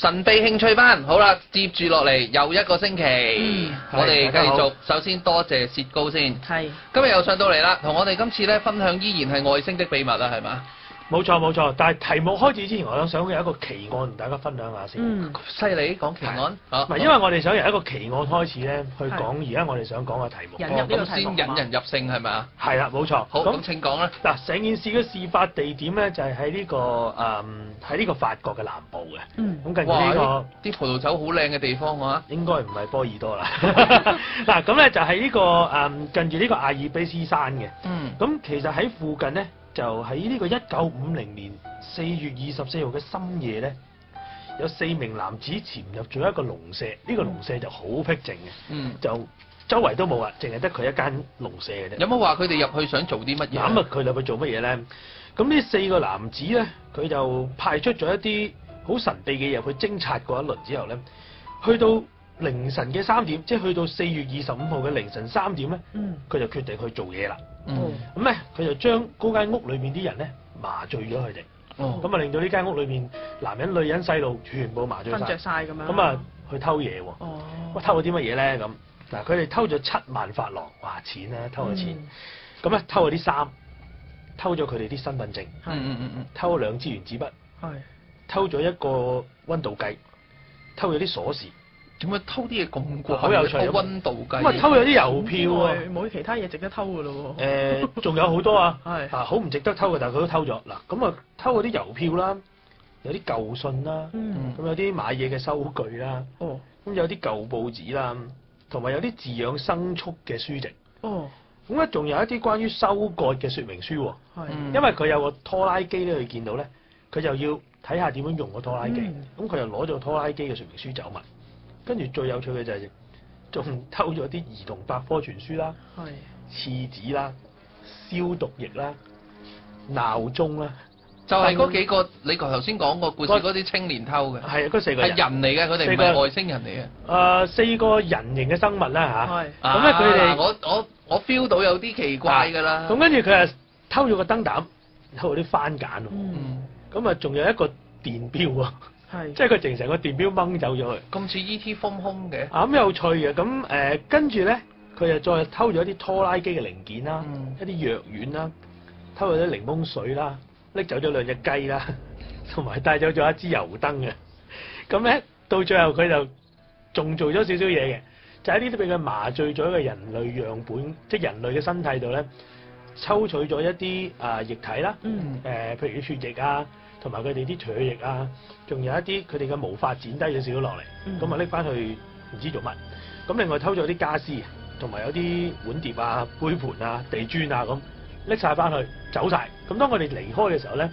神秘興趣班，好啦，接住落嚟又一個星期，嗯、我哋繼續。嗯、首先多謝薛高先，是今日又上到嚟啦，同我哋今次咧分享依然係外星的秘密啊，係嘛？冇錯冇錯，但係題目開始之前，我想想由一個奇案同大家分享下先。嗯，犀利，講奇案嚇。唔係因為我哋想由一個奇案開始咧，去講而家我哋想講嘅題目。引人入，嗯，咁先引人入勝係咪啊？係啦，冇錯。好，咁請講啦。嗱，成件事嘅事發地點咧，就係喺呢個誒，喺呢個法國嘅南部嘅。嗯，咁近住呢個啲葡萄酒好靚嘅地方嚇。應該唔係波爾多啦。嗱，咁咧就喺呢個誒，近住呢個阿爾卑斯山嘅。嗯。咁其實喺附近咧。就喺呢個一九五零年四月二十四號嘅深夜咧，有四名男子潛入咗一個農舍，呢、呢個農舍就好僻靜嘅，嗯、就周圍都冇啊，淨係得佢一間農舍嘅啫。有冇話佢哋入去想做啲乜嘢？咁啊，佢哋去做乜嘢咧？咁呢四個男子咧，佢就派出咗一啲好神秘嘅嘢去偵察過一輪之後咧，去到凌晨嘅三點，即係去到四月二十五號嘅凌晨三點咧，佢、嗯、就決定去做嘢啦。咁咧，佢、嗯嗯嗯、就將嗰間屋裏面啲人咧麻醉咗佢哋，咁啊、嗯嗯、令到呢間屋裏面男人、女人、細路全部麻醉曬，瞓著曬咁樣，咁啊去偷嘢喎，哇、哦、偷咗啲乜嘢咧咁？嗱佢哋偷咗七萬法郎，哇錢啊，偷咗錢，咁咧、嗯、偷咗啲衫，偷咗佢哋啲身份證，嗯嗯嗯嗯，偷咗兩支原子筆，係是，偷咗一個温度計，偷咗啲鎖匙。點解偷啲嘢咁貴？好有趣啊！温度計咁啊，偷有啲郵票啊，冇其他嘢值得偷噶咯喎。仲、嗯、有好多啊！ 啊，好唔值得偷嘅，但係佢都偷咗嗱。咁啊，偷嗰啲郵票啦，有啲舊信啦，咁、嗯、有啲買嘢嘅收據啦，咁、嗯、有啲舊報紙啦，同埋有啲自養生畜嘅書籍。哦、嗯。咁咧，仲有一啲關於收割嘅說明書喎。嗯、因為佢有個拖拉機咧，你見到咧，佢就要睇下點樣用個拖拉機。咁佢就攞咗個拖拉機嘅、嗯、說明書走埋。跟住最有趣嘅就係仲偷咗啲兒童百科全書啦、廁紙啦、消毒液啦、鬧鐘啦，就係嗰幾個你頭先講個故事嗰啲青年偷嘅，係嗰、啊、四個人係人嚟嘅，佢哋唔係外星人嚟嘅。誒四、呃、四個人形嘅生物啦、啊、嚇，咁咧佢哋我我我 feel 到有啲奇怪㗎啦。咁跟住佢啊他偷咗個燈膽，偷啲番梘喎。咁啊、嗯，仲有一個電錶喎、啊。是即係佢整成個電表掹走咗佢。咁似 E.T. 風空嘅。啊咁有趣嘅，咁誒跟住咧，佢、呃、就再偷咗一啲拖拉機嘅零件啦，嗯、一啲藥丸啦，偷咗啲檸檬水啦，拎走咗兩隻雞啦，同、啊、埋帶走咗一支油燈嘅。咁、啊、咧到最後佢就仲做咗少少嘢嘅，就係呢啲俾佢麻醉咗一個人類樣本，即、就、係、是、人類嘅身體度咧，抽取咗一啲啊、呃、液體啦、嗯呃，譬如血液啊。同埋佢哋啲唾液啊，仲有一啲佢哋嘅毛髮剪低咗少少落嚟，咁啊拎翻去唔知做乜。咁另外偷咗啲家私，同埋有啲碗碟啊、杯盤啊、地磚啊咁，拎曬翻去走曬。咁當佢哋離開嘅時候咧，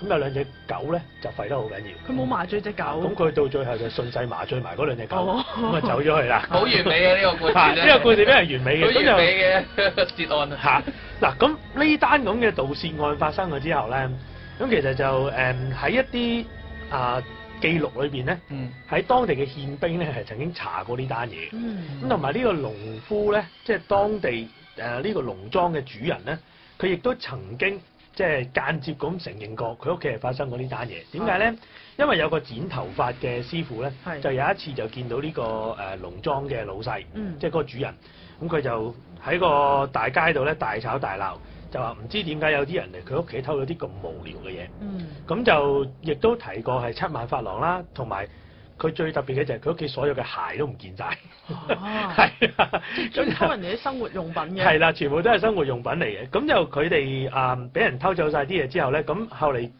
咁有兩隻狗咧就吠得好緊要。佢冇麻醉隻狗、啊。咁佢到最後就順勢麻醉埋嗰兩隻狗，咁啊、哦、走咗去啦。好完美啊，呢、呢個故事呢。呢、 啊呢個故事真係完美嘅。完美嘅竊案嚇。嗱咁呢單咁嘅盜竊案發生咗之後咧。咁其實就誒喺、嗯、一啲啊、呃、記錄裏邊咧，喺、嗯、當地嘅憲兵咧係曾經查過呢單嘢。咁同埋呢個農夫咧，即、就、係、是、當地誒呢、呃這個農莊嘅主人咧，佢亦都曾經即係、就是、間接咁承認過佢屋企係發生過為什麼呢單嘢。點解咧？因為有個剪頭髮嘅師傅咧，是就有一次就見到呢、這個誒、呃、農莊嘅老細，嗯、即係嗰個主人，咁佢就喺個大街度咧大吵大鬧。就話唔知點解有啲人嚟佢屋企偷咗啲咁無聊嘅嘢，咁、嗯、就亦都提過係七萬法郎啦，同埋佢最特別嘅就係佢屋企所有嘅鞋都唔見晒，係、啊、 對即偷人哋啲生活用品嘅，係啦，全部都係生活用品嚟嘅。咁就佢哋啊，俾、呃、人偷走晒啲嘢之後咧，咁後嚟。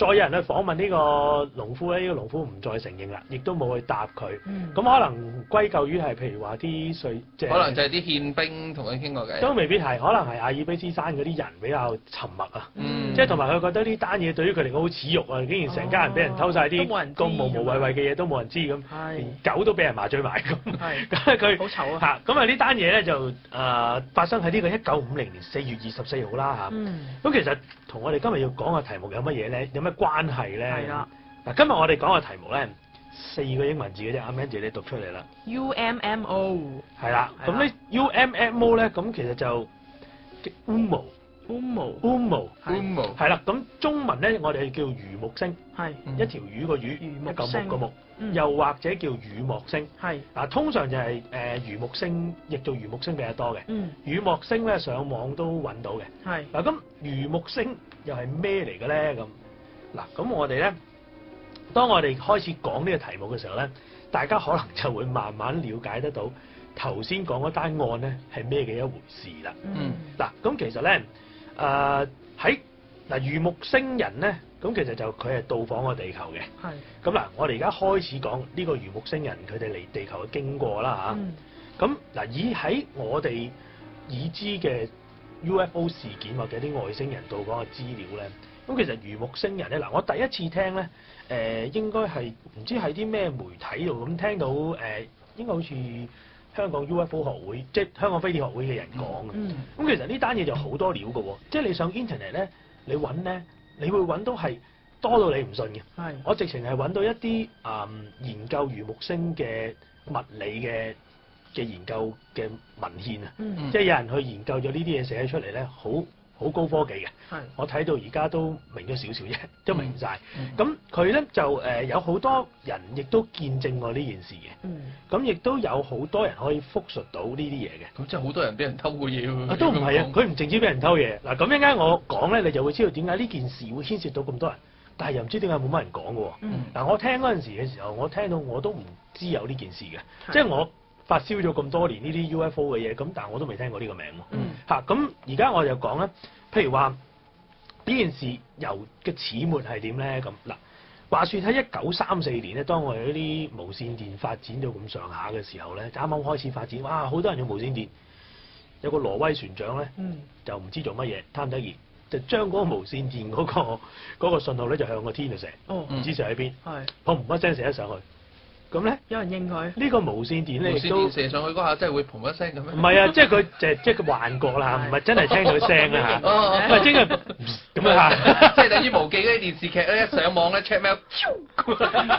再有人去訪問呢個農夫咧，呢、呢個農夫唔再承認啦，亦都冇去答佢。咁、嗯、可能歸咎於係譬如話啲稅，即、就、係、是、可能就係啲憲兵同佢傾過偈。都未必係，可能係阿爾卑斯山嗰啲人比較沉默啊。嗯、即係同埋佢覺得呢單嘢對於佢嚟講好恥辱啊！竟然成家人俾人偷晒啲人咁無無謂謂嘅嘢都冇人知咁，連狗都俾人麻醉埋咁。咁啊佢好醜啊，咁啊呢單嘢咧就啊、呃、發生喺呢個一九五零年四月二十四號啦嚇。咁、啊嗯、其實同我哋今日要講嘅題目有乜嘢咧？有咩關係咧？係啦的，嗱，今日我哋講嘅題目咧，四個英文字嘅啫，阿 Mandy 你讀出嚟啦，U M M O，係啦，咁的的、UM、呢 U M M O 咧，咁其實就的烏毛。烏木，烏木，烏木，係啦。咁中文咧，我哋叫魚木星，係一條魚個魚，一個木個木，又或者叫羽木星。係嗱。通常就係誒魚木星，譯做魚木星比較多嘅，羽木星咧，上網都揾到嘅。係嗱，咁魚木星又係咩嚟嘅咧？咁嗱，咁我哋咧，當我哋開始講呢個題目嘅時候咧，大家可能就會慢慢瞭解得到頭先講嗰單案咧係咩嘅一回事啦。嗯。嗱，咁其實咧。誒喺嗱，魚木星人咧，咁其實就佢係到訪過地球嘅。係的。咁嗱，我哋而家開始講呢個魚木星人佢哋嚟地球嘅經過啦嚇。咁嗱、嗯，以喺我哋已知嘅 UFO 事件或者啲外星人到訪嘅資料咧，咁其實魚木星人咧，嗱，我第一次聽咧，誒、呃、應該係唔知喺啲咩媒體度咁聽到誒、呃，應該好似。香港 UFO 學會，即係香港飛碟學會嘅人講嘅。咁、嗯嗯、其實呢單嘢就好多料嘅喎，即係你上 Internet 咧，你揾咧，你會揾到係多到你唔信嘅。是我直情係揾到一啲誒、嗯、研究魚木星嘅物理嘅嘅研究嘅文獻啊，嗯嗯、即係有人去研究咗呢啲嘢寫出嚟咧，好。好高科技嘅，的我睇到而家都明咗少少啫，都明晒。咁佢咧就誒、呃、有好多人亦都見證過呢件事嘅，咁亦、嗯、都有好多人可以復述到呢啲嘢嘅。咁即係好多人俾人偷過嘢喎、啊啊啊。啊，都唔係啊，佢唔淨止俾人偷嘢。嗱，咁一陣間我講咧，你就會知道點解呢件事會牽涉到咁多人，但係又唔知點解冇乜人講嘅喎。嗱、嗯啊，我聽嗰陣時嘅時候，我聽到我都唔知有呢件事嘅，是的即係我。發燒咗咁多年呢啲 UFO 嘅嘢，咁但我都未聽過呢個名喎。嚇、嗯，咁而家我就講咧，譬如話呢件事由嘅始末係點咧？咁嗱，話説喺一九三四年咧，當我哋呢啲無線電發展到咁上下嘅時候咧，啱啱開始發展，哇！好多人用無線電，有個挪威船長咧，嗯、就唔知做乜嘢，貪得意就將嗰個無線電嗰、嗰個嗰個信號咧，就向個天度射，唔、哦嗯、知射喺邊，砰是一聲射咗上去。咁咧，有人應佢？呢個無線電嚟，無線電射上去嗰下真係會嘭一聲咁樣。唔係啊，即係佢就係即係個幻覺啦，唔係真係聽到聲啊嚇。哦，唔係真係咁啊嚇，即係等於無記嗰啲電視劇咧，一上網咧 check mail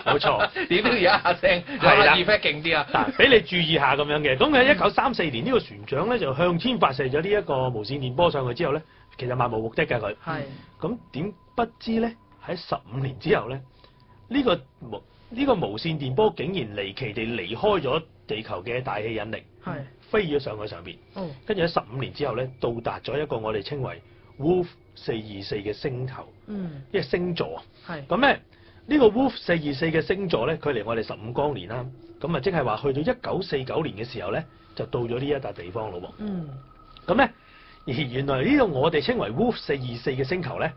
冇錯，點都要一下聲。係啊 effect 勁啲啊，俾你注意下咁樣嘅。咁喺一九三四年呢個船長咧就向天發射咗呢一個無線電波上去之後咧，其實漫無目的嘅佢。係。咁點不知咧？喺十五年之後咧，呢個呢個無線電波竟然離奇地離開咗地球嘅大氣引力，是飛咗上去上邊，跟住喺十五年之後咧，到達咗一個我哋稱為 Wolf 四二四嘅星球，嗯、一星座。咁咧是，呢呢、呢個 Wolf 四二四嘅星座咧，佢離我哋十五光年啦，咁啊即係話去到一九四九年嘅時候咧，就到咗呢一笪地方咯喎。咁咧、嗯，而原來呢個我哋稱為 Wolf 四二四嘅星球咧。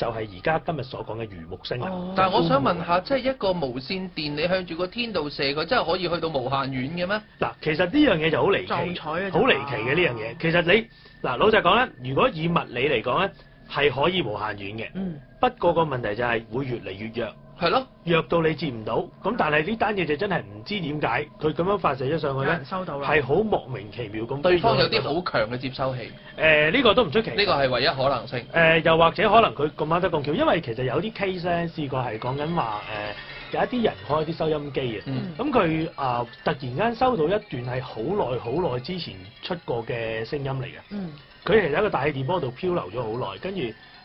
就係而家今日所講嘅魚木星啊！哦、但係我想問下，即係一個無線電，你向住個天度射佢，真係可以去到無限遠嘅咩？嗱，其實呢樣嘢就好離奇，好、啊、離奇嘅呢樣嘢。其實你嗱老實講咧，如果以物理嚟講咧，係可以無限遠嘅。嗯、不過個問題就係會越嚟越弱。係咯，弱到你接唔到。咁但係呢單嘢就真係唔知點解佢咁樣發射咗上去咧，收到啦，係好莫名其妙咁。對方有啲好強嘅接收器。誒呢個都唔出奇，呢個係唯一可能性。誒又或者可能佢咁啱得咁巧，因為其實有啲 case 咧試過係講緊話誒有一啲人開啲收音機嘅，咁佢啊突然間收到一段係好耐好耐之前出過嘅聲音嚟嘅。嗯，佢其實喺一個大氣電波度漂流咗好耐，跟住。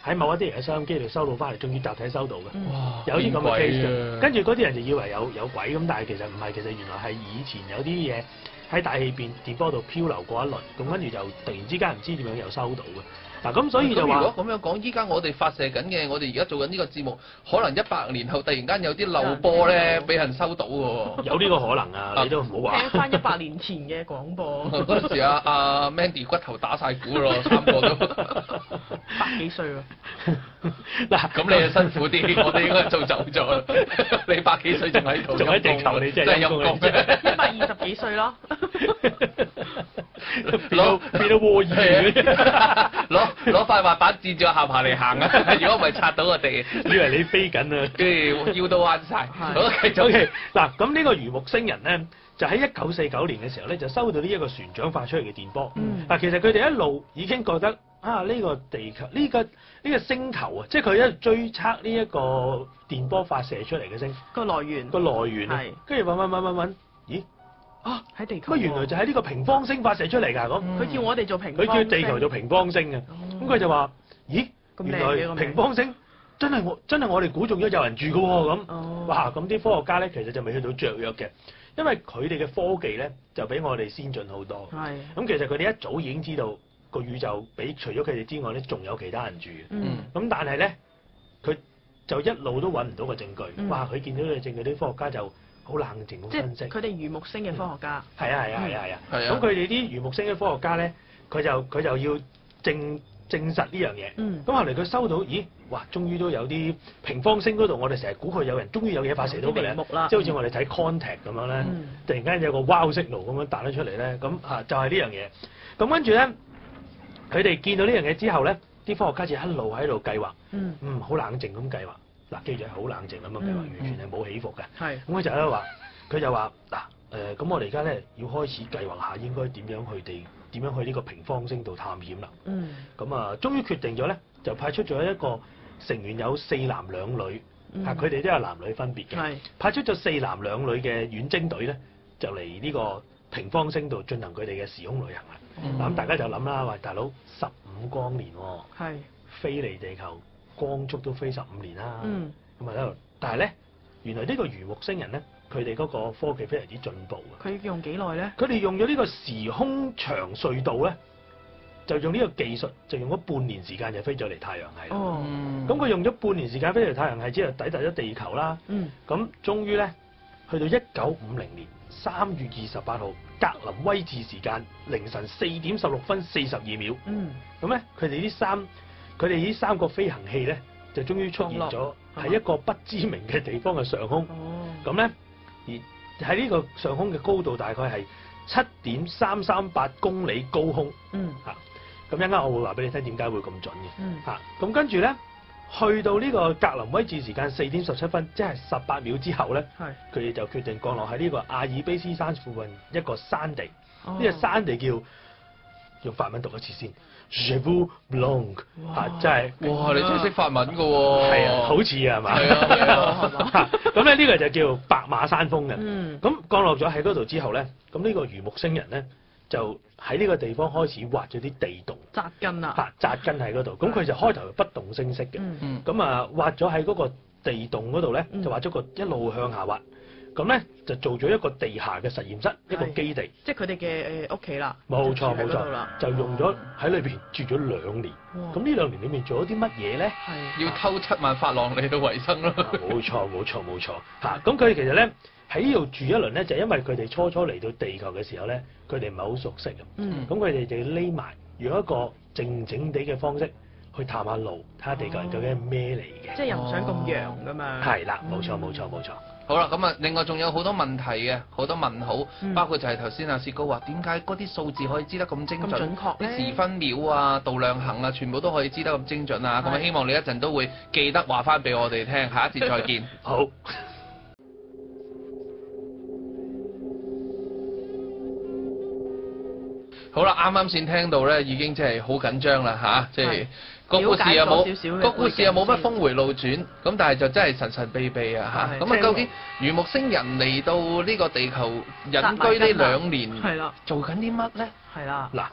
喺某一啲人嘅收音機度收到翻嚟，仲要集體收到嘅，哇有啲咁嘅 case 嘅。跟住嗰啲人就以為有有鬼咁，但係其實唔係，其實原來係以前有啲嘢喺大氣邊電波度漂流過一輪，咁跟住就突然之間唔知點樣又收到嘅。嗱咁、啊、所以就話、嗯，如果咁樣講，依家我哋發射緊嘅，我哋而家做緊呢個節目，可能一百年後突然間有啲漏波咧，俾人收到喎。有呢個可能啊！啊你都唔好話。聽翻一百年前嘅廣播。嗰、啊、時啊啊 Mandy 骨頭打晒鼓咯，三個都。百幾歲 啊？嗱，咁你辛苦啲，我哋應該做走咗。 你百幾歲仲喺度？仲喺地球？你真係陰功嘅。一百二十幾歲咯。 變，得變得 攞 塊滑板墊住下爬嚟行啊！如果唔係擦到個地， 以為你飛緊啊！跟住腰都彎晒。OK，OK。嗱，咁呢個魚木星人咧，就喺一九四九年嘅時候咧，就收到呢一個船長發出嚟嘅電波。嗱、嗯，其實佢哋一路已經覺得啊，呢、呢個地球呢、呢個呢、呢個、星球啊，即係佢一路追測呢一個電波發射出嚟嘅聲個來源個來源啊！跟住揾揾揾揾咦？啊！喺地球乜？原來就喺呢個平方星發射出嚟㗎咁。佢叫、嗯、我哋做平佢叫地球做平方星嘅。咁佢、嗯、就話：咦，咁原來平方星真係我真係我哋估中咗有人住嘅喎咁。那哦、哇！咁啲科學家咧其實就未去到雀躍嘅，因為佢哋嘅科技咧就比我哋先進好多。係是。咁其實佢哋一早已經知道個宇宙比除咗佢哋之外咧仲有其他人住嘅。嗯。咁但係咧，佢就一路都揾唔到個證據。哇！佢見到個證據，啲科學家就～好冷靜，好分析。即係佢哋魚木星嘅科學家。係啊係啊係啊係啊。咁佢哋啲魚木星嘅科學家咧，佢就佢就要證證實呢樣嘢。嗯。咁後嚟佢收到，咦？哇！終於都有啲平方星嗰度，我哋成日估佢有人，終於有嘢發射到嚟啦。即係好似我哋睇 contact 咁樣咧，嗯、突然間有個 Wow signal 咁樣彈咗出嚟咧，咁啊就係呢樣嘢。咁跟住咧，佢哋見到呢樣嘢之後咧，啲科學家就一路喺度計劃。嗯。嗯，好冷靜咁計劃。嗱，機長好冷靜咁樣，咪話完全係冇起伏嘅。係是，咁佢就咧話，佢就話，嗱、呃，誒，咁我哋而家咧要開始計劃一下應該點樣去地點樣去呢個平方星度探險啦。嗯。咁啊，終於決定咗咧，就派出咗一個成員有四男兩女，係佢哋都有男女分別嘅。係是。派出咗四男兩女嘅遠征隊咧，就嚟呢個平方星度進行佢哋嘅時空旅行啦。咁、嗯、大家就諗啦，喂，大佬十五光年、哦，係飛是離地球。光速都飛十五年啦，咁啊、嗯！但係咧，原來呢個魚木星人咧，佢哋嗰個科技非常之進步嘅。佢用幾耐咧？佢哋用咗呢個時空長隧道咧，就用呢個技術，就用咗半年時間就飛咗嚟太陽系。哦、嗯，咁佢用咗半年時間飛嚟太陽系之後，抵達咗地球啦。嗯，咁終於咧，去到一九五零年三月二十八號格林威治時間凌晨四點十六分四十二秒。嗯，咁咧，佢哋啲三佢哋呢三個飛行器咧，就終於出現咗，喺一個不知名嘅地方嘅上空。咁咧、嗯，而喺呢個上空嘅高度大概係七點三三八公里高空。嗯，嚇、啊，咁一陣間，我會話俾你聽點解會咁準嘅。嗯，嚇、啊，咁跟住咧，去到呢個格林威治時間四點十七分，即係十八秒之後咧，係是，佢哋就決定降落喺呢個阿爾卑斯山附近一個山地。呢、嗯、個山地叫用法文讀一次先。Je vous bloque，嚇，真係。哇！你真係識法文噶喎、啊。係啊，好似啊，係嘛？係啊。咁咧，呢個就叫白馬山峯嘅。嗯。咁降落咗喺嗰度之後咧，咁呢個魚木星人咧就喺呢個地方開始挖咗啲地洞。紮根啦、啊。嚇、啊！紮根喺嗰度，咁佢就開頭不動聲色嘅。咁、嗯、啊，挖咗喺嗰個地洞嗰度咧，就挖咗個一路向下挖。咁咧就做咗一個地下嘅實驗室，一個基地，即係佢哋嘅誒屋企啦。冇錯冇錯，就用咗喺裏面住咗兩年。咁呢兩年裏面做咗啲乜嘢咧？要偷七萬法郎嚟到維生囉。冇錯冇錯冇錯。嚇！咁佢哋其實咧喺呢度住一輪咧，就因為佢哋初初嚟到地球嘅時候咧，佢哋唔係好熟悉。咁咁佢哋就要匿埋，用一個靜靜地嘅方式去探下路，睇下地球究竟係咩嚟嘅。即係又唔想咁樣噶嘛。係啦，冇錯冇錯冇錯。好啦，咁啊，另外仲有好多問題嘅，好多問號，嗯、包括就係頭先阿薛高話點解嗰啲數字可以知得咁精準，準確，啲時分秒啊、度量衡啊，全部都可以知得咁精準啊，咁啊的，希望你一陣都會記得話翻俾我哋聽，下一節再見。 好。好啦，啱啱先聽到咧，已經即係好緊張啦，嚇，即係。個故事又冇，個故事又冇乜峰迴路轉咁，的但係就真係神神秘秘啊吓！咁的啊，的究竟魚木星人嚟到呢個地球隱居呢兩年，係啦，做緊啲乜咧？係啦的。嗱，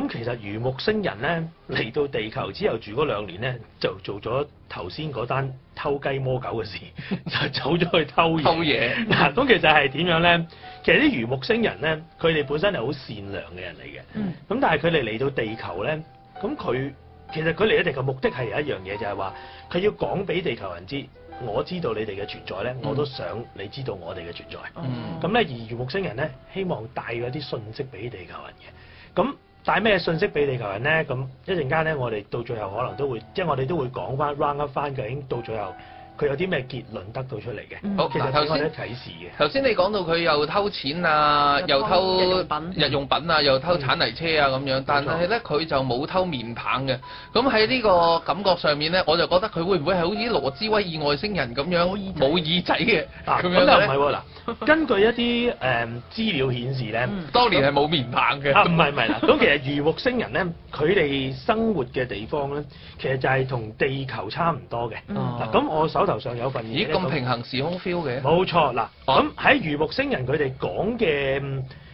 咁其實魚木星人咧嚟到地球之後住嗰兩年咧，就做咗頭先嗰單偷雞摸狗嘅事， 就走咗去偷嘢，偷嘢。嗱，咁其實係點樣咧？其實啲魚木星人咧，佢哋本身係好善良嘅人嚟嘅。咁、嗯、但係佢哋嚟到地球咧，咁佢。其實佢嚟地球嘅目的係有一樣嘢，就係話佢要講俾地球人知，我知道你哋嘅存在咧，我都想你知道我哋嘅存在。咁咧、嗯，嗯、魚木星人咧，希望帶嗰啲信息俾地球人嘅。咁帶咩信息俾地球人咧？咁一陣間咧，我哋到最後可能都會，即係我哋都會講翻 round one 翻嘅，已經到最後。佢有啲咩結論得到出嚟嘅？好，其實頭先，嘅。頭先你講到佢又偷錢啊，又偷日用品、日用品啊，又偷鏟泥車啊咁樣，但係咧佢就冇偷麵棒嘅。咁喺呢個感覺上面咧，我就覺得佢會唔會係好似羅斯威爾外星人咁樣？冇耳仔嘅。嗱，咁又唔係喎。嗱，根據一啲誒資料顯示咧，當年係冇麵棒嘅。啊，唔係唔係啦。咁其實魚木星人咧，佢哋生活嘅地方咧，其實就係同地球差唔多嘅。嗱，咁我手頭上有份咦咁平衡時空 feel 嘅？冇錯，嗱，咁喺魚木星人佢哋講嘅，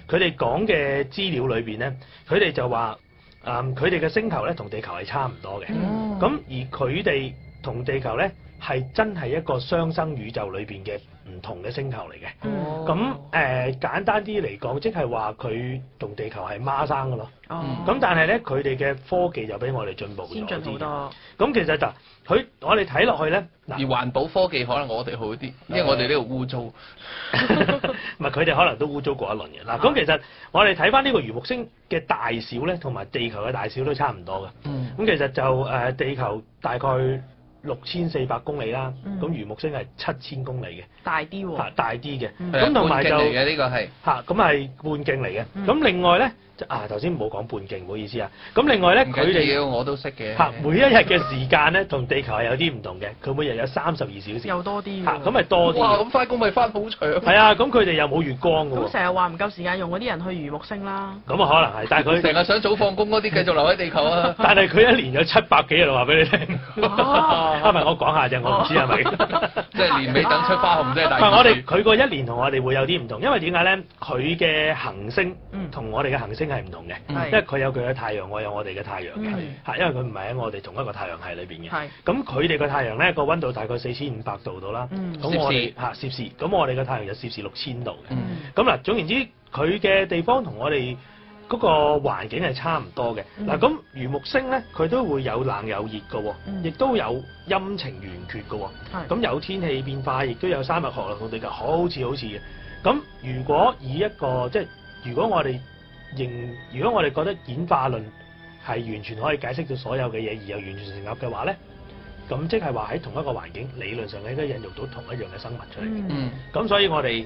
佢哋講嘅資料裏邊咧，佢哋就話，誒佢哋嘅星球咧同地球係差唔多嘅，咁、嗯、而佢哋同地球咧係真係一個雙生宇宙裏邊嘅。唔同嘅星球嚟嘅，咁誒、嗯呃、簡單啲嚟講，即係話佢同地球係孖生嘅咯。咁、嗯、但係咧，佢哋嘅科技就比我哋進步，先進好多。咁其實就佢我哋睇落去咧，而環保科技可能我哋好啲，呃、因為我哋呢度污糟，唔係佢哋可能都污糟過一輪嘅。嗱，咁其實我哋睇翻呢個魚木星嘅大小咧，同埋地球嘅大小都差唔多嘅。咁、嗯、其實就誒、呃、地球大概，六千四百公里啦，咁魚木星係七千公里嘅，大啲喎，大啲嘅，咁同埋就，嚟嘅，呢個係，嚇咁係半徑嚟嘅，咁另外咧，啊頭先冇講半徑，唔好意思啊，咁另外咧佢哋要我都識嘅，嚇每一日嘅時間咧同地球係有啲唔同嘅，佢每日有三十二小時，又多啲，嚇咁咪多啲？咁翻工咪翻好長，係啊，咁佢哋又冇月光喎，咁成日話唔夠時間用嗰啲人去魚木星啦，咁啊可能係，但係佢成日想早放工嗰啲繼續留喺地球啊，但係佢一年有七百幾日話俾你聽。啊，係咪、啊？我講下啫，我唔知係咪，即係年尾等出花紅即係大是、啊。唔係我哋佢個一年同我哋會有啲唔同，因為點解咧？佢嘅行星同我哋嘅行星係唔同嘅，即、嗯、因為佢有佢嘅太陽，我有我哋嘅太陽嘅，嚇、嗯，因為佢唔係喺我哋同一個太陽系裏邊嘅。係是。咁佢哋個太陽咧個溫度大概四千五百度度啦。咁、嗯、我哋嚇攝氏，咁濕我哋嘅太陽就攝氏六千度嘅。咁嗱、嗯，總言之，佢嘅地方同我哋。嗰個環境係差唔多嘅，嗱咁魚木星咧，佢都會有冷有熱嘅，亦都有陰晴圓缺嘅，咁有天氣變化，亦都有生物學同地球，好似好似嘅。咁如果以一個即係，如果我哋認，如果我哋覺得演化論係完全可以解釋到所有嘅嘢，而又完全成立嘅話咧，咁即係話喺同一個環境理論上咧，都引導到同一樣嘅生物出嚟嘅。咁所以我哋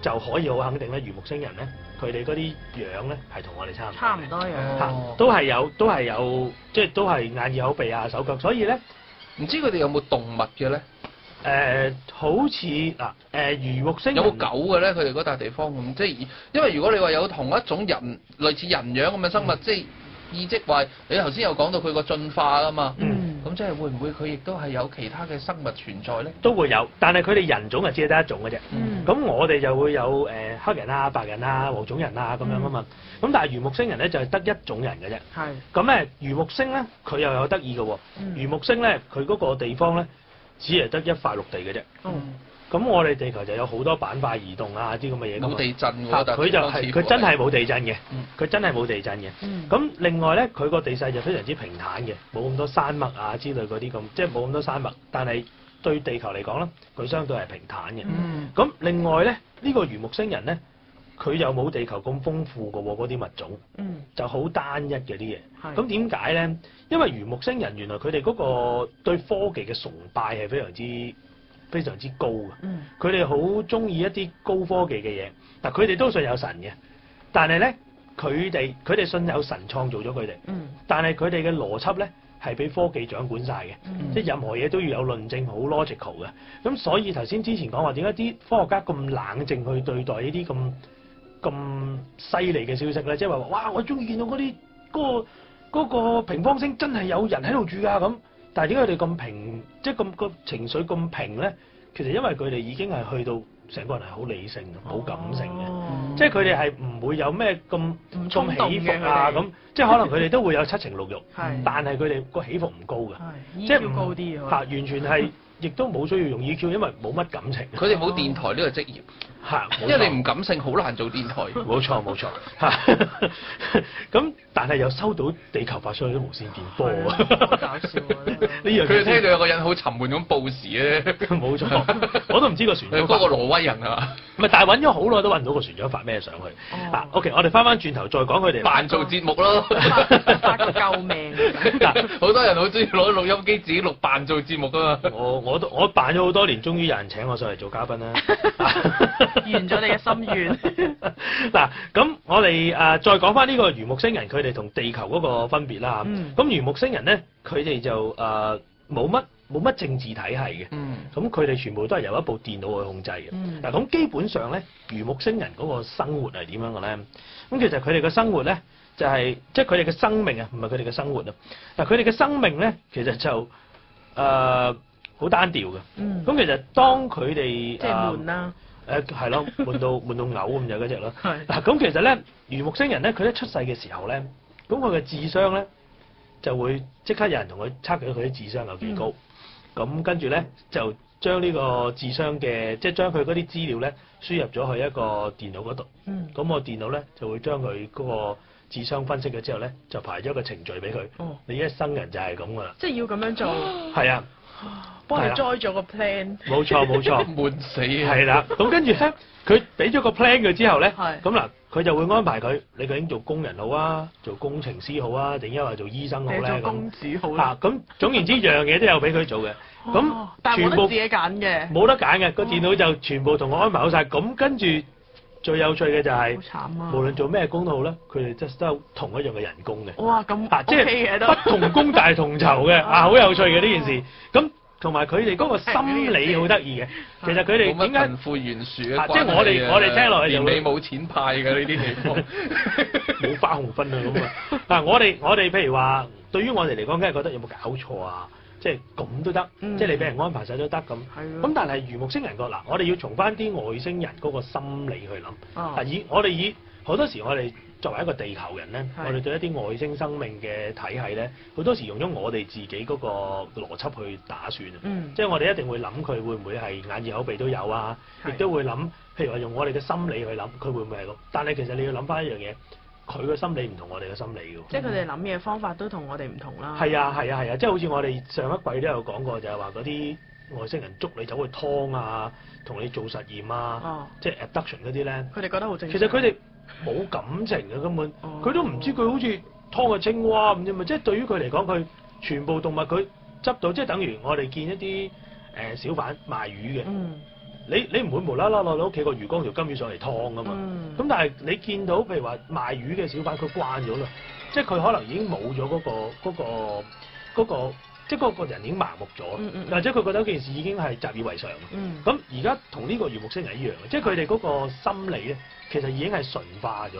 就可以好肯定咧，魚木星人咧。佢哋嗰啲樣咧係同我哋差唔多，差唔多樣，啊，都係有，都係有，即係都係眼耳口鼻啊手腳，所以咧，唔知佢哋有冇動物嘅咧？誒、呃，好似嗱誒魚木星有冇狗嘅咧？佢哋嗰笪地方咁，即係因為如果你話有同一種人類似人樣咁嘅生物，嗯、即係。意即話，你頭先有講到佢個進化啊嘛，咁、嗯、即係會唔會佢亦都係有其他嘅生物存在咧？都會有，但係佢哋人種係，只係得一種嘅啫。咁、嗯、我哋就會有誒黑人啊、白人啊、黃種人啊咁樣啊嘛。咁、嗯、但係魚木星人咧就係得一種人嘅啫。係是。咁誒魚木星咧，佢又有得意嘅喎。魚、嗯、木星咧，佢嗰個地方咧，只係得一塊陸地嘅啫。嗯咁我哋地球就有好多板塊移動啊，啲咁嘅嘢。咁地震佢、啊、就係、係、佢真係冇地震嘅，佢、嗯、真係冇地震嘅。咁、嗯、另外咧，佢個地勢就非常之平坦嘅，冇咁多山脈啊之類嗰啲咁，即係冇咁多山脈。但係對地球嚟講咧，佢相對係平坦嘅。咁、嗯、另外咧，呢、呢個魚木星人咧，佢又冇地球咁豐富㗎喎，嗰啲物種、嗯、就好單一嘅啲嘢。咁點解咧？因為魚木星人原來佢哋嗰個對科技嘅崇拜係非常之非常之高嘅，嗯、佢哋好中意一啲高科技嘅嘢。嗱，佢哋都信有神嘅，但係咧，佢哋佢哋信有神創造咗佢哋。嗯、但係佢哋嘅邏輯咧係俾科技掌管晒嘅，嗯、即係任何嘢都要有論證，好 logical 嘅。咁所以頭先之前講話點解啲科學家咁冷靜去對待呢啲咁咁犀利嘅消息咧，即係話哇，我中意見到嗰啲嗰個平方星真係有人喺度住㗎咁。但係點解佢哋咁平，即係咁個情緒咁平咧？其實因為佢哋已經係去到成個人係好理性嘅，冇感性嘅，哦、即係佢哋係唔會有咩咁咁起伏啊咁。樣即係是可能佢哋都會有七情六慾，是但係佢哋個起伏唔高嘅，是即係是要高啲嘅，完全係亦都冇需要用 EQ，因為冇乜感情。佢哋冇電台呢個職業。哦因為你唔感性，好難做電台。冇錯，冇錯。嚇， 咁但係又收到地球發出去啲無線電波好的 搞笑啊！你以為佢哋聽到有個人好沉悶咁報時咧。冇 錯，我都唔知個船長發。你嗰個挪威人啊？唔係，但係揾咗好耐都揾唔到個船長發咩上去。嗱、哦、OK，我哋翻翻轉頭再講佢哋扮做節目咯。救命！好多人好中意攞錄音機自己錄扮做節目啊！ 我我都我扮咗好多年，終於有人請我上嚟做嘉賓啦。 完咗你嘅心願。嗱，咁我哋誒再講翻呢個魚木星人佢哋同地球嗰個分別啦嚇。咁魚木星人呢，佢哋就誒冇乜冇乜政治體系嘅。咁佢哋全部都係由一部電腦去控制嘅。嗱，咁基本上呢，魚木星人嗰個生活係點樣嘅咧？咁其實佢哋嘅生活呢，就係即係佢哋嘅生命啊，唔係佢哋嘅生活啊。但，佢哋嘅生命呢，其實就誒好單調嘅。咁其實當佢哋即係悶啦。呃誒係咯，悶、 呃、到悶到嘔咁就嗰隻咯。嗱咁、 啊、其實咧，魚木星人咧，佢一出世嘅時候咧，咁佢嘅智商咧就會即刻有人同佢測佢佢啲智商有幾高。咁、嗯、跟住咧就將呢個智商嘅，即、就、係、是、將佢嗰啲資料咧輸入咗去一個電腦嗰度。咁、嗯、我電腦咧就會將佢嗰個智商分析咗之後咧，就排咗個程序俾佢。哦、你一生人就係咁噶啦。即係要咁樣做。係 啊。幫佢栽咗個 plan，冇錯冇錯，悶死啊！係啦， 咁跟住咧，佢俾咗個 plan 佢之後咧，咁嗱是，佢就會安排佢你究竟做工人好啊，做工程師好啊，定因或定抑或做醫生好咧？做公子好啦！啊那，咁那總言之， 樣嘢都有俾佢做嘅。咁全部但自己揀嘅，冇得揀嘅，個電腦就全部同我安排好晒。咁跟住。最有趣嘅就係、是，啊、無論做咩工作他們是都好咧，佢哋 just 同一樣嘅人工嘅。哇，咁、OK、啊，即、就、係、是、不同工但係同酬嘅， 啊好有趣嘅呢 件事。咁同埋佢哋嗰個心理好得意嘅，其實佢哋點解貧富懸殊嘅、啊？即係、啊就是、我哋我哋聽落嚟你冇錢派㗎呢啲地方，冇 花紅分啊咁啊！嗱，我哋我哋譬如話，對於我哋嚟講，梗係覺得有冇搞錯啊？即係咁都得，嗯、即係你俾人安排晒都得咁。咁的但係，魚木星人嗱，我哋要從翻啲外星人嗰個心理去諗。哦、以我哋以好多時，我哋作為一個地球人咧，的我哋對一啲外星生命嘅體系咧，好多時用咗我哋自己嗰個邏輯去打算。嗯，即係我哋一定會諗佢會唔會係眼耳口鼻都有啊？亦的都會諗，譬如話用我哋嘅心理去諗，佢會唔會係咁？但係其實你要諗翻一樣嘢。佢嘅心理唔同我哋嘅心理嘅，即係佢哋諗嘢方法都我們不同我哋唔同啦。係啊係啊係啊，即係、啊啊啊就是，好似我哋上一季都有講過，就係話嗰啲外星人捉你走去劏啊，同你做實驗啊，哦、即係 abduction 嗰啲咧。佢哋覺得好正常。其實佢哋冇感情嘅根本，佢、哦、都唔知佢好似劏嘅青蛙咁啫嘛。即係、嗯就是，對於佢嚟講，佢全部動物佢執到，即、就、係、是、等於我哋見一啲誒、呃、小販賣魚嘅。嗯你你唔會無啦啦落你屋企個魚缸條金魚上嚟劏㗎嘛？咁、嗯、但係你見到譬如話賣魚嘅小販，佢慣咗啦，即係佢可能已經冇咗嗰個嗰、嗰個嗰個、即係嗰個人已經麻木咗，或者佢覺得一件事已經係習以為常。咁而家同呢個魚木星人一樣，即係佢哋嗰個心理咧，其實已經係純化咗。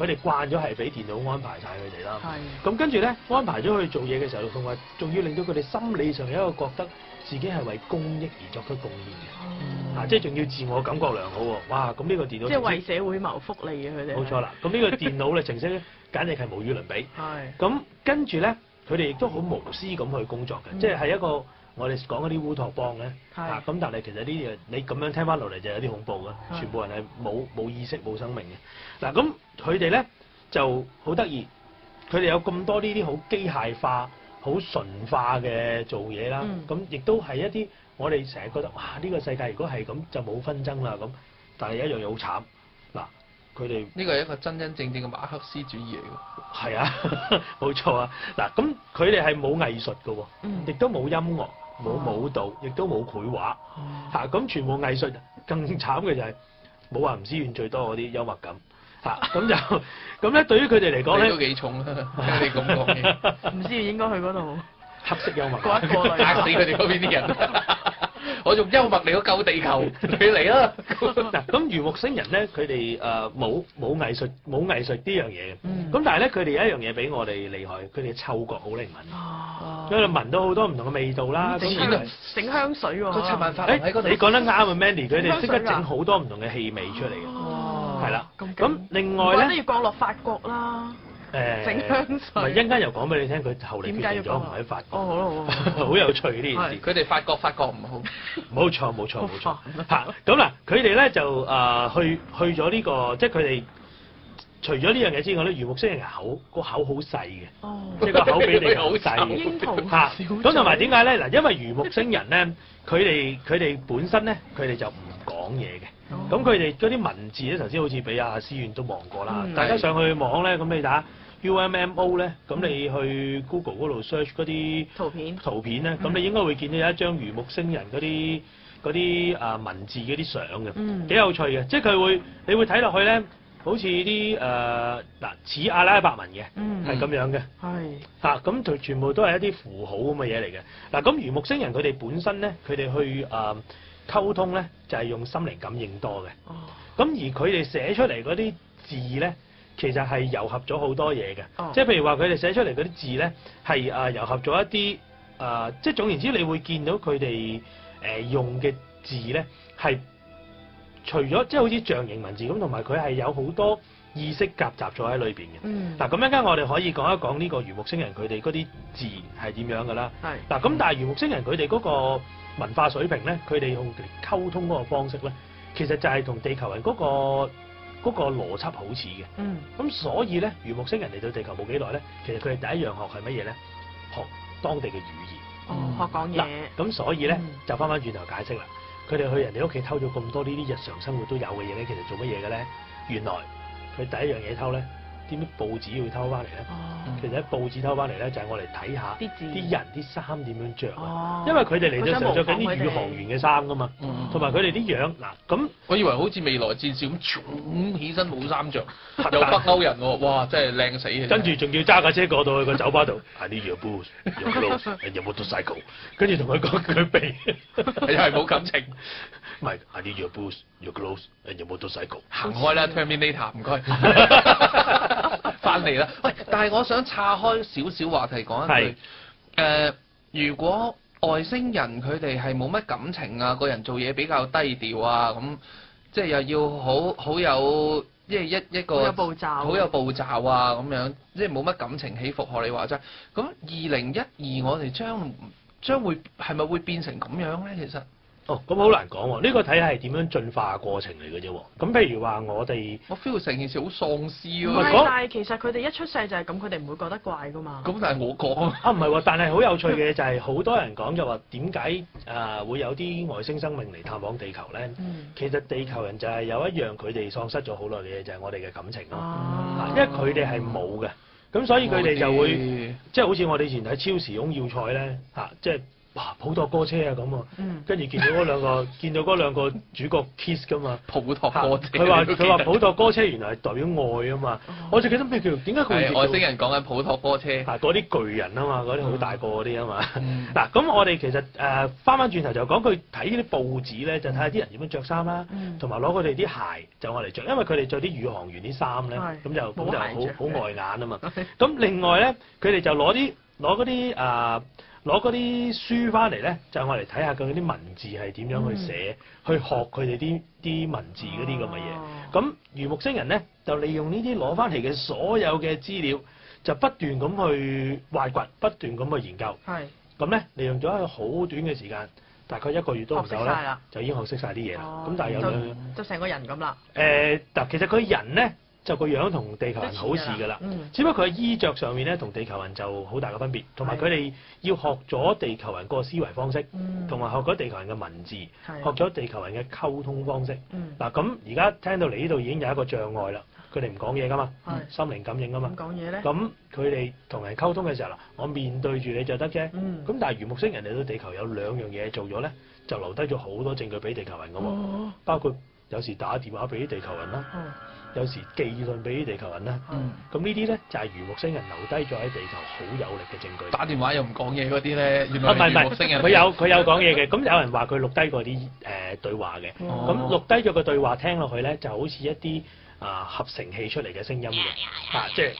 佢哋、嗯、慣咗係俾電腦安排晒佢哋啦。咁跟住咧，安排咗去做嘢嘅時候，同埋仲要令到佢哋心理上有一個覺得，自己係為公益而作出貢獻嘅，嗱、嗯啊，即係仲要自我感覺良好喎，哇！咁呢個電腦即係為社會謀福利嘅佢哋，冇錯啦。咁呢 個電腦嘅程式咧，簡直係無與倫比。係是。咁跟住咧，佢哋亦都好無私咁去工作嘅，嗯、即係係一個我哋講嗰啲烏托邦咧。啊，咁但係其實呢啲樣你咁樣聽翻落嚟就有啲恐怖嘅，全部人係冇冇意識冇生命嘅。嗱，咁佢哋咧就好得意，佢哋有咁多呢啲好機械化。好純化嘅做嘢啦，咁亦都係一啲我哋成日覺得哇！呢個世界如果係咁就冇紛爭啦咁，但係一樣嘢好慘，嗱，佢哋呢個係一個真真正正嘅馬克思主義嚟㗎，係啊，冇錯啊，嗱，咁佢哋係冇藝術嘅喎，亦都冇音樂、冇舞蹈、亦都冇繪畫，嚇咁、嗯啊、全部藝術，更慘嘅就係冇話唔思遠最多嗰啲幽默感。咁就咁咧，對於佢哋嚟講咧都幾重啊！你咁講嘅，唔知應該去嗰度。黑色幽默，壓死佢哋嗰邊啲人。我用幽默嚟救地球，你嚟啦。咁魚木星人咧，佢哋冇冇藝術，冇藝術呢樣嘢嘅。咁但係咧，佢哋有一樣嘢俾我哋厲害，佢哋嗅覺好靈敏。哦。所以聞到好多唔同嘅味道啦。整香香水喎，佢法你講得啱啊，Mandy！佢哋識得整好多唔同嘅氣味出嚟嘅。係啦，咁、哦嗯、另外咧，我都要降落法國啦。誒、呃，整香水。唔係，一陣間又講俾你聽，佢後嚟變咗唔喺法國。哦，好，好。 好有趣呢件事。佢哋法國法國唔好。冇錯，冇錯，冇、哦啊、錯。咁嗱、啊，佢哋咧就、呃、去去咗呢個，即係佢哋除咗呢樣嘢之外咧，魚木星人個口個口好細嘅，即係個口比你好細。咁同埋點解咧？嗱、嗯嗯嗯嗯嗯嗯嗯嗯，因為魚木星人咧，佢哋佢哋本身咧，佢哋就唔講嘢嘅。咁佢哋嗰啲文字咧，頭先好似俾阿思遠都望過啦。嗯、大家上去望咧，咁你打 U M M O 咧，咁你去 Google 嗰度 search 嗰啲圖片圖片咧，咁、嗯、你應該會見到有一張魚木星人嗰啲嗰啲啊文字嗰啲相嘅，幾、嗯、有趣嘅。即係佢會，你會睇落去咧，好似啲誒嗱似阿拉伯文嘅，係咁、嗯、樣嘅。咁就係、啊、全部都係一啲符號咁嘅嘢嚟嘅。嗱、啊，咁魚木星人佢哋本身咧，佢哋去啊。呃溝通咧就係、是、用心靈感應多嘅，咁、oh. 而佢哋寫出嚟嗰啲字咧，其實係糅合咗好多嘢嘅、oh. 呃呃，即係譬如話佢哋寫出嚟嗰啲字咧，係啊糅合咗一啲啊，即係總言之，你會見到佢哋誒用嘅字咧係除咗即係好似象形文字咁，同埋佢係有好多意識夾雜咗喺裏邊嘅。嗱咁一陣間我哋可以講一講呢個魚木星人佢哋嗰啲字係點樣㗎啦。嗱咁、mm. 啊、但係魚木星人佢哋嗰個文化水平咧，佢哋用佢哋溝通嗰個方式咧，其實就係同地球人嗰、嗰個嗰、嗰個邏輯好似嘅。嗯，咁所以咧，魚木星人嚟到地球冇幾耐咧，其實佢哋第一樣學係乜嘢咧？學當地嘅語言。哦、嗯，學講嘢。咁所以咧、嗯、就翻返轉頭解釋啦。佢哋去人哋屋企偷咗咁多呢啲日常生活都有嘅嘢咧，其實做乜嘢嘅咧？原來佢第一樣嘢偷咧。點解報紙要偷翻嚟咧？其實報紙偷翻嚟咧，就係我嚟睇下啲啲人、啲衫點樣着。啊！因為佢哋嚟咗成咗着緊啲宇航員嘅衫噶嘛，同埋佢哋啲樣嗱咁。我以為好似未來戰士咁，重起身冇衫着，又北歐人喎，哇！真係靚死，跟住仲要揸架車過到去個酒吧度。I need your boots, your clothes and your motorcycle。跟住同佢講佢鼻，又係冇感情。Mike，I need your boots 有冇做細工，行開啦，Terminator，唔該，翻嚟啦。喂，但係我想岔開少少話題講一句。係是。呃，如果外星人佢哋係冇乜感情啊，個人做嘢比較低調啊，咁即係又要好好有，即係一一，一，一個好有步驟，好有步驟啊，咁樣即係冇乜感情起伏。學你話齋，咁二零一二我哋將將會係咪會變成咁樣咧？其實？哦，咁好難講喎，呢、呢個睇係點樣進化過程嚟嘅啫。咁譬如話我哋，我 feel 成件事好喪屍喎、啊。是說但係其實佢哋一出世就係咁，佢哋唔會覺得怪噶嘛。咁但係我講啊，唔係但係好有趣嘅嘢就係好多人講就話點解啊會有啲外星生命嚟探訪地球咧？嗯、其實地球人就係有一樣佢哋喪失咗好耐嘅嘢，就係、是、我哋嘅感情咯、啊。啊、因為佢哋係冇嘅，咁所以佢哋就會即係的好似我哋以前喺超時空要塞咧嚇，即、啊就是哇！普托哥車啊，咁啊，跟住見到嗰兩個，見到嗰兩個主角 kiss 噶嘛，普托哥車。佢話佢話普托哥車原來係代表愛啊嘛，我就記得咩叫點解佢？外星人講緊普托哥車，嗰啲巨人啊嘛，嗰啲好大個嗰啲啊嘛。嗱咁我哋其實誒翻翻轉頭就講佢睇呢啲報紙咧，就睇下啲人點樣着衫啦，同埋攞佢哋啲鞋就我嚟着，因為佢哋着啲宇航員啲衫咧，咁就咁就好好外眼啊嘛。咁另外咧，佢哋就攞啲攞啲誒。攞嗰啲書翻嚟咧，就係我嚟睇下佢嗰啲文字係點樣去寫，嗯、去學佢哋啲啲文字嗰啲咁嘅嘢。咁魚、哦、木星人咧就利用呢啲攞翻嚟嘅所有嘅資料，就不斷咁去挖掘，不斷咁去研究。係咁咧，利用咗一個好短嘅時間，大概一個月都唔夠咧，就已經學識晒啲嘢啦。咁、哦、但係有兩樣就成個人咁啦。誒嗱、呃，其實佢人咧。就個樣同地球人好似㗎啦，嗯、只不過佢喺衣着上面咧同地球人就好大嘅分別，同埋佢哋要學咗地球人個思維方式，同埋、嗯、學咗地球人嘅文字，嗯、學咗地球人嘅溝通方式。嗱，咁而家聽到你呢度已經有一個障礙啦，佢哋唔講嘢㗎嘛，嗯、心靈感應㗎嘛。唔講嘢咧，咁佢哋同人溝通嘅時候啦，我面對住你就得啫。咁、嗯、但係魚木星人嚟到地球有兩樣嘢做咗咧，就留低咗好多證據俾地球人㗎嘛，哦、包括有時打電話俾地球人啦。嗯有時寄信俾地球人啦。咁、嗯、呢啲咧就係、是、魚木星人留低咗喺地球好有力嘅證據。打電話又唔講嘢嗰啲咧，原來係魚木星人。佢 有佢有講嘢嘅，咁 有人話佢錄低過啲誒、呃、對話嘅，咁、嗯、錄低咗個對話聽落去咧，就好似一啲啊、呃、合成器出嚟嘅聲音嘅，嚇、yeah, yeah, yeah, yeah, 啊、即係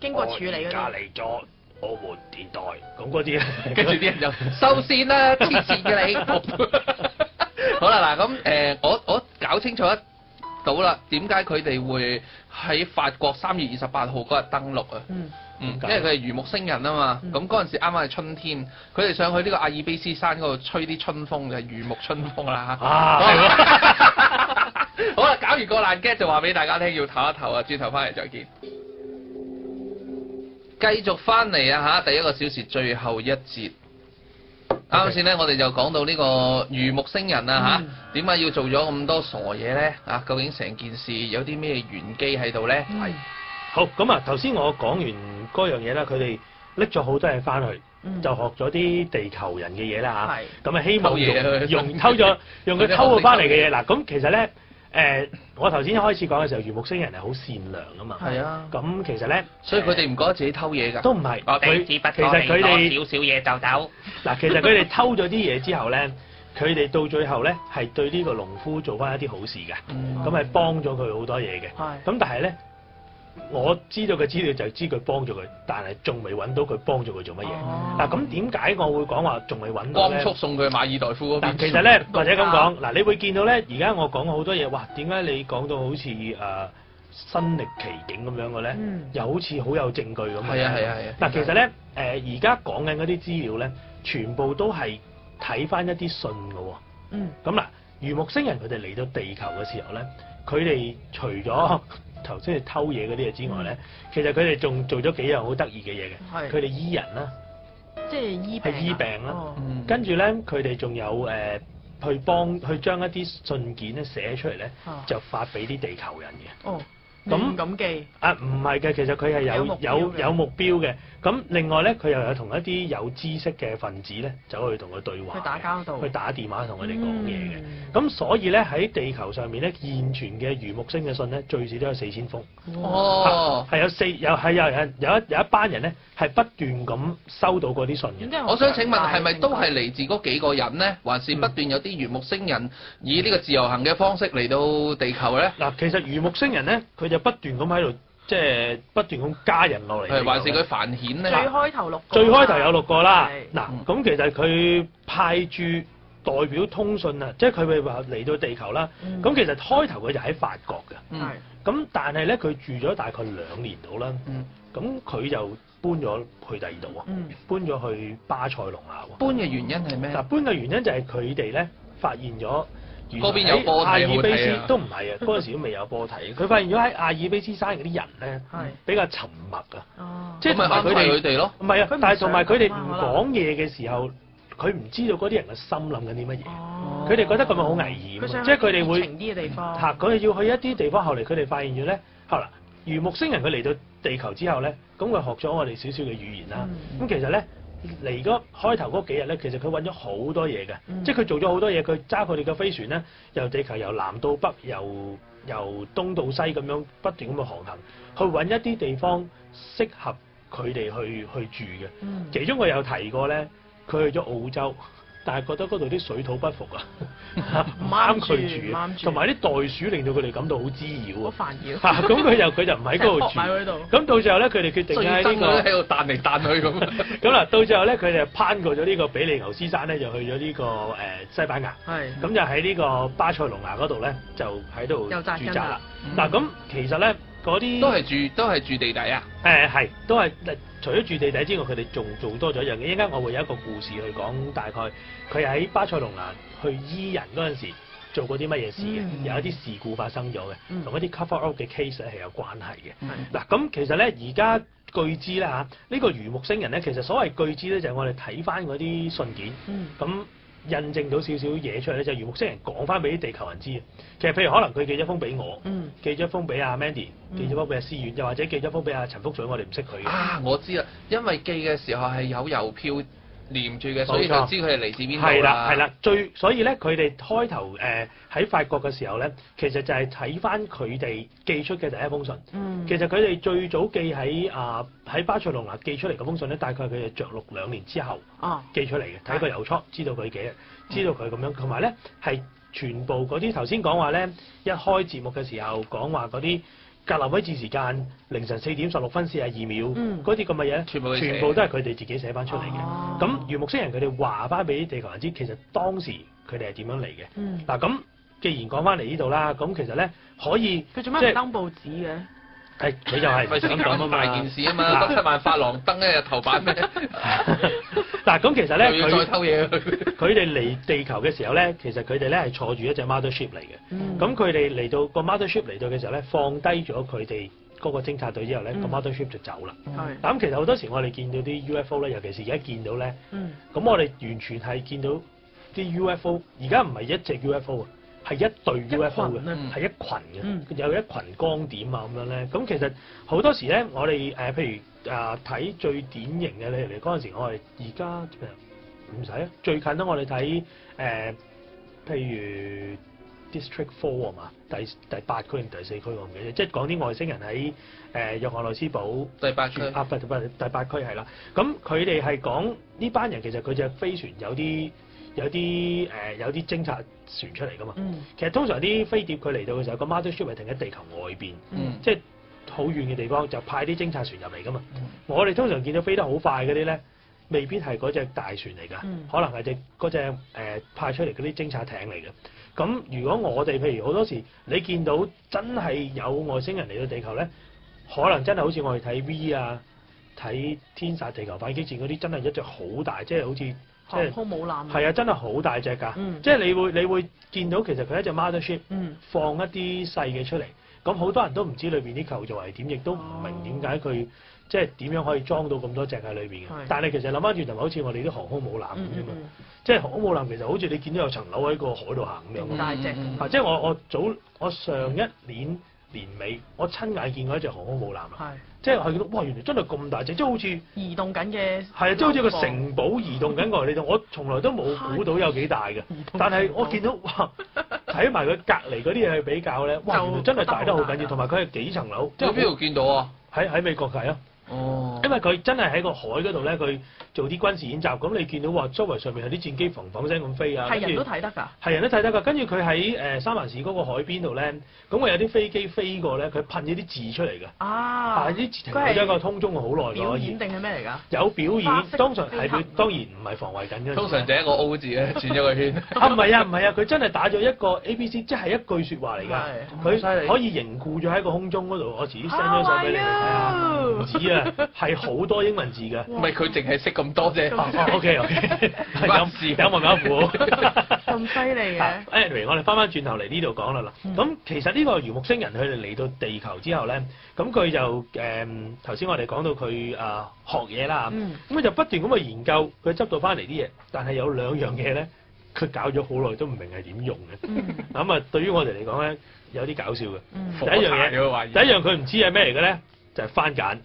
經過處理隔離咗我們年代，咁嗰啲跟住啲人就 收線啦，黐線嘅你。 好啦，嗱咁誒，我我搞清楚一。到啦，點解佢哋會喺法國三月二十八號嗰日登陸啊？嗯，嗯，因為佢係魚木星人啊嘛。嗯，咁嗰陣時啱啱係春天，佢哋想去呢個阿爾卑斯山嗰度吹啲春風，就係、是、魚木春風啦、啊、 好啦，搞完個爛 gag 就話俾大家聽，要唞一唞啊，轉頭翻嚟再見。繼續翻嚟啊嚇，第一個小時最後一節。啱先咧，我哋就講到呢個魚木星人啦嚇，點解要做咗咁多傻嘢咧？啊，究竟成件事有啲咩玄機喺度咧？係。好，咁啊，頭先我講完嗰樣嘢啦，佢哋拎咗好多嘢翻去，就學咗啲地球人嘅嘢啦嚇。係。咁啊，希望用用偷咗，用佢偷咗翻嚟嘅嘢。嗱，咁其實咧。誒、呃，我頭先開始講嘅時候，魚木星人係好善良啊嘛。係啊。咁、嗯、其實咧，所以佢哋唔覺得自己偷嘢㗎。都唔係。哦，貶值其實佢哋少少嘢就竇。嗱，其實佢哋偷咗啲嘢之後咧，佢哋 到最後咧係對呢個農夫做翻一啲好事㗎。咁係、嗯、幫咗佢好多嘢嘅。係的。咁但係咧。我知道嘅資料就係知佢幫咗佢，但係仲未揾到佢幫咗佢做乜嘢。嗱咁點解我會講話仲未揾到咧？光速送佢去馬爾代夫嗰邊。但、啊、其實咧，或者咁講，嗱、啊啊、你會見到咧，而家我講好多嘢，哇！點解你講到好似誒、呃、身歷其境咁樣嘅咧？嗯、又好似好有證據咁。係啊啊啊！嗱、啊啊啊啊，其實咧，而家講緊嗰啲資料咧，全部都係睇翻一啲信㗎喎、哦。嗯。咁嗱、啊，魚木星人佢哋嚟到地球嘅時候咧，佢哋除咗頭先係偷嘢嗰啲嘢之外咧，嗯、其實佢哋仲做咗幾樣好得意嘅嘢嘅。佢哋是醫人啦，即係醫病係醫病啦。跟住咧，佢哋仲有、呃、去幫去將一啲信件咧寫出嚟咧，哦、就發俾啲地球人嘅。哦咁、嗯、啊唔係嘅，其實佢係有有有目標嘅。咁另外咧，佢又有同一啲有知識嘅分子咧，走去同佢對話。去打交道。去打電話同佢哋講嘢嘅。咁、嗯、所以咧，喺地球上面咧，現存嘅魚木星嘅信咧，最少都有四千封。哦。係、啊、有四，有有有有，有，有一有一班人咧，係不斷咁收到嗰啲信嘅。我想請問係咪都係嚟自嗰幾個人咧，還是不斷有啲魚木星人以呢個自由行嘅方式嚟到地球咧？嗱、嗯，其實魚木星人咧，佢。就不斷咁喺度，即係不斷咁加人落嚟。係，還是佢繁衍咧？最開頭六個。最開頭有六個啦。嗱，咁其實佢派住代表通訊啊，即係佢咪話嚟到地球啦。咁、嗯、其實開頭佢就喺法國㗎。係、嗯。咁但係咧，佢住咗大概兩年到啦。嗯。咁佢就搬咗去第二度啊。嗯。搬咗去巴塞隆拿喎。搬嘅原因係咩？嗱，搬嘅原因就係佢哋咧，發現咗。嗰邊有波睇，阿爾卑斯都唔係啊，嗰陣時都未有波睇。佢發現咗喺阿爾卑斯山嗰啲人咧，比較沉默噶，是即係佢哋佢哋咯，唔係啊。但係同埋佢哋唔講嘢嘅時候，佢唔知道嗰啲人嘅心諗緊啲乜嘢。佢哋、哦、覺得佢咪好危險，即係佢哋會靜啲嘅地方。嚇！佢哋要去一啲地方。後嚟佢哋發現咗咧，嚇啦！魚木星人佢嚟到地球之後咧，咁佢學咗我哋少少嘅語言啦。咁、嗯、其實咧。嚟嗰開頭嗰幾日咧，其實佢揾咗好多嘢嘅，嗯、即係佢做咗好多嘢，佢揸佢哋嘅飛船咧，由地球由南到北，由由東到西咁樣不斷咁去航行，去揾一啲地方適合佢哋去去住嘅。嗯、其中我有提過咧，佢去咗澳洲。但係覺得嗰度啲水土不服啊，唔啱佢住，同埋啲袋鼠令到佢哋感到好滋擾啊，好煩擾。咁佢又佢就唔喺嗰度住，喺度。咁到最後咧，佢哋決定喺呢喺度彈嚟彈去咁。咁啦，到最後咧，佢哋攀過咗呢個比利牛斯山咧，就去咗呢、這個誒、呃、西班牙。係是。咁就喺呢個巴塞隆拿嗰度咧，就喺度住宅啦。嗱，咁、啊、其實咧，嗰啲都係住都係住地底啊。誒係、啊，都係。除咗住地底之外，佢哋仲做多咗一樣嘢。一陣間我會有一個故事去講，大概佢喺巴塞隆拿去醫人嗰陣時候做過啲乜嘢事嘅，嗯嗯有一啲事故發生咗嘅，同、嗯、一啲 cover up 嘅 case 咧係有關係嘅。嗱咁、嗯、其實咧而家據知咧嚇，呢、呢個魚木星人咧其實所謂據知咧就係、是、我哋睇翻嗰啲信件，咁、嗯。印證到少少嘢出嚟咧，就係、魚木星人講翻俾啲地球人知啊！其實譬如可能佢寄咗封俾我，嗯、寄咗封俾阿 Mandy、嗯、寄咗封俾阿思遠，又或者寄咗封俾阿陳福瑞，我哋唔識佢嘅。啊，我知啦，因為寄嘅時候係有郵票。黏住嘅，所以就知佢哋嚟自邊度。係啦，係啦，最所以咧，佢哋開頭誒喺、呃、法國嘅時候咧，其實就係睇返佢哋寄出嘅第一封信。嗯，其實佢哋最早寄喺啊喺巴塞隆拿寄出嚟嗰封信咧，大概佢哋着陸兩年之後寄出嚟嘅，睇佢郵戳，知道佢幾，知道佢咁樣，同埋咧係全部嗰啲頭先講話咧，一開節目嘅時候講話嗰啲。格林威治時間凌晨四點十六分四十二秒，嗰啲咁嘅嘢，全部，全部都係佢哋自己寫翻出嚟嘅。咁魚、啊、木星人佢哋話翻俾地球人知，其實當時佢哋係點樣嚟嘅。嗱咁、嗯，既然講翻嚟呢度啦，咁其實咧可以，佢做乜登報紙嘅。係、哎，你就係、是、費咁講啊大件事啊嘛，得、啊、七萬發廊燈咧、啊，頭版咩、啊？嗱、 啊，咁其實咧，佢偷嘢。佢哋嚟地球嘅時候咧，其實佢哋咧係坐住一隻 mother ship 嚟嘅。咁佢哋嚟到個 mother ship 嚟到嘅時候咧，放低咗佢哋嗰個偵察隊之後咧，個、嗯、mother ship 就走啦。係、嗯。咁其實好多時我哋見到啲 UFO 咧，尤其是而家見到咧。嗯。咁我哋完全係見到啲 UFO，而家唔係一隻 UFO 啊！係一對 UFO 嘅，係一群嘅，有一群光點啊咁樣咧。咁其實好多時咧，我哋誒譬如啊睇、呃、最典型嘅，例如嗰陣時我哋而家唔使啊，最近啦我哋睇誒譬如 District Four 啊嘛，第第八區定第四區我唔記得，即係講啲外星人喺誒約翰內斯堡第八區啊，不不第八區係啦。咁佢哋係講呢班人其實佢隻飛船有啲。有啲誒、呃、有啲偵察船出嚟㗎嘛，嗯、其實通常啲飛碟佢嚟到嘅時候，個 mother ship 係停喺地球外邊，即係好遠嘅地方就派啲偵察船入嚟㗎嘛。嗯、我哋通常見到飛得好快嗰啲咧，未必係嗰隻大船嚟㗎，嗯、可能係隻嗰隻誒、呃、派出嚟嗰啲偵察艇嚟嘅。咁如果我哋譬如好多時你見到真係有外星人嚟到地球咧，可能真係好似我哋睇 V 啊睇天煞地球反擊戰嗰啲，真係一隻好大，即係好似。航空母艦啊，係啊，真係好大隻㗎，嗯、即係你會你會見到其實佢一隻 mother ship、嗯、放一啲細嘅出嚟，咁好多人都唔知裏邊啲構造係點，亦都唔明點解佢即係點樣可以裝到咁多隻喺裏邊嘅。是但係其實諗翻轉頭就好似我哋啲航空母艦咁啫嘛，嗯嗯、即係航空母艦其實好似你見到有層樓喺個海度行咁樣，咁大隻啊！嗯、即係我我早我上一年。年尾我親眼見過一隻航空母艦，是即係佢，哇！原來真係咁大隻，即係好似移動緊嘅，係啊，即係好似個城堡移動緊個嚟到。 我從來都冇估到有幾大嘅，但係我見到哇，睇埋佢隔離嗰啲嘢去比較咧，哇！哇真係大得好緊要，同埋佢係幾層樓。喺邊度見到啊？喺喺美國睇咯，因為佢真係喺個海嗰度咧，佢。做啲軍事演習，咁你見到哇，周圍上面有啲戰機蓬蓬聲咁飛啊，係人都睇得㗎。係人都睇得㗎，跟住佢喺誒三藩市嗰個海邊度咧，咁我有啲飛機飛過咧，佢噴咗啲字出嚟㗎。啊！但係啲字停咗喺個空中好耐嘅。表演定係咩嚟㗎？有表演，通常係佢當然唔係防衞緊㗎。通常就一個 O 字咧，轉咗個圈。啊唔係啊唔係啊，佢真係打咗一個 A B C，即係一句説話嚟㗎。佢可以凝固咗喺個空中嗰度，我遲啲 send 張相俾你。唔止啊，係好多英文字嘅。唔係佢淨係識咁多謝，OK，OK，有事有冇搞苦？咁犀利嘅，誒、欸，我哋翻翻轉頭嚟呢度講啦，嗱、嗯，咁其實呢個魚木星人佢哋嚟到地球之後咧，咁佢就誒頭先我哋講到佢啊、呃、學嘢啦，咁佢就不斷咁去研究佢執到翻嚟啲嘢，但係有兩樣嘢咧，佢搞咗好耐都唔明係點用嘅，咁啊、嗯嗯、對於我哋嚟講咧，有啲搞笑嘅，第、嗯、一樣嘢，你會懷疑，第一樣佢唔知係咩嚟嘅咧，就係番梘。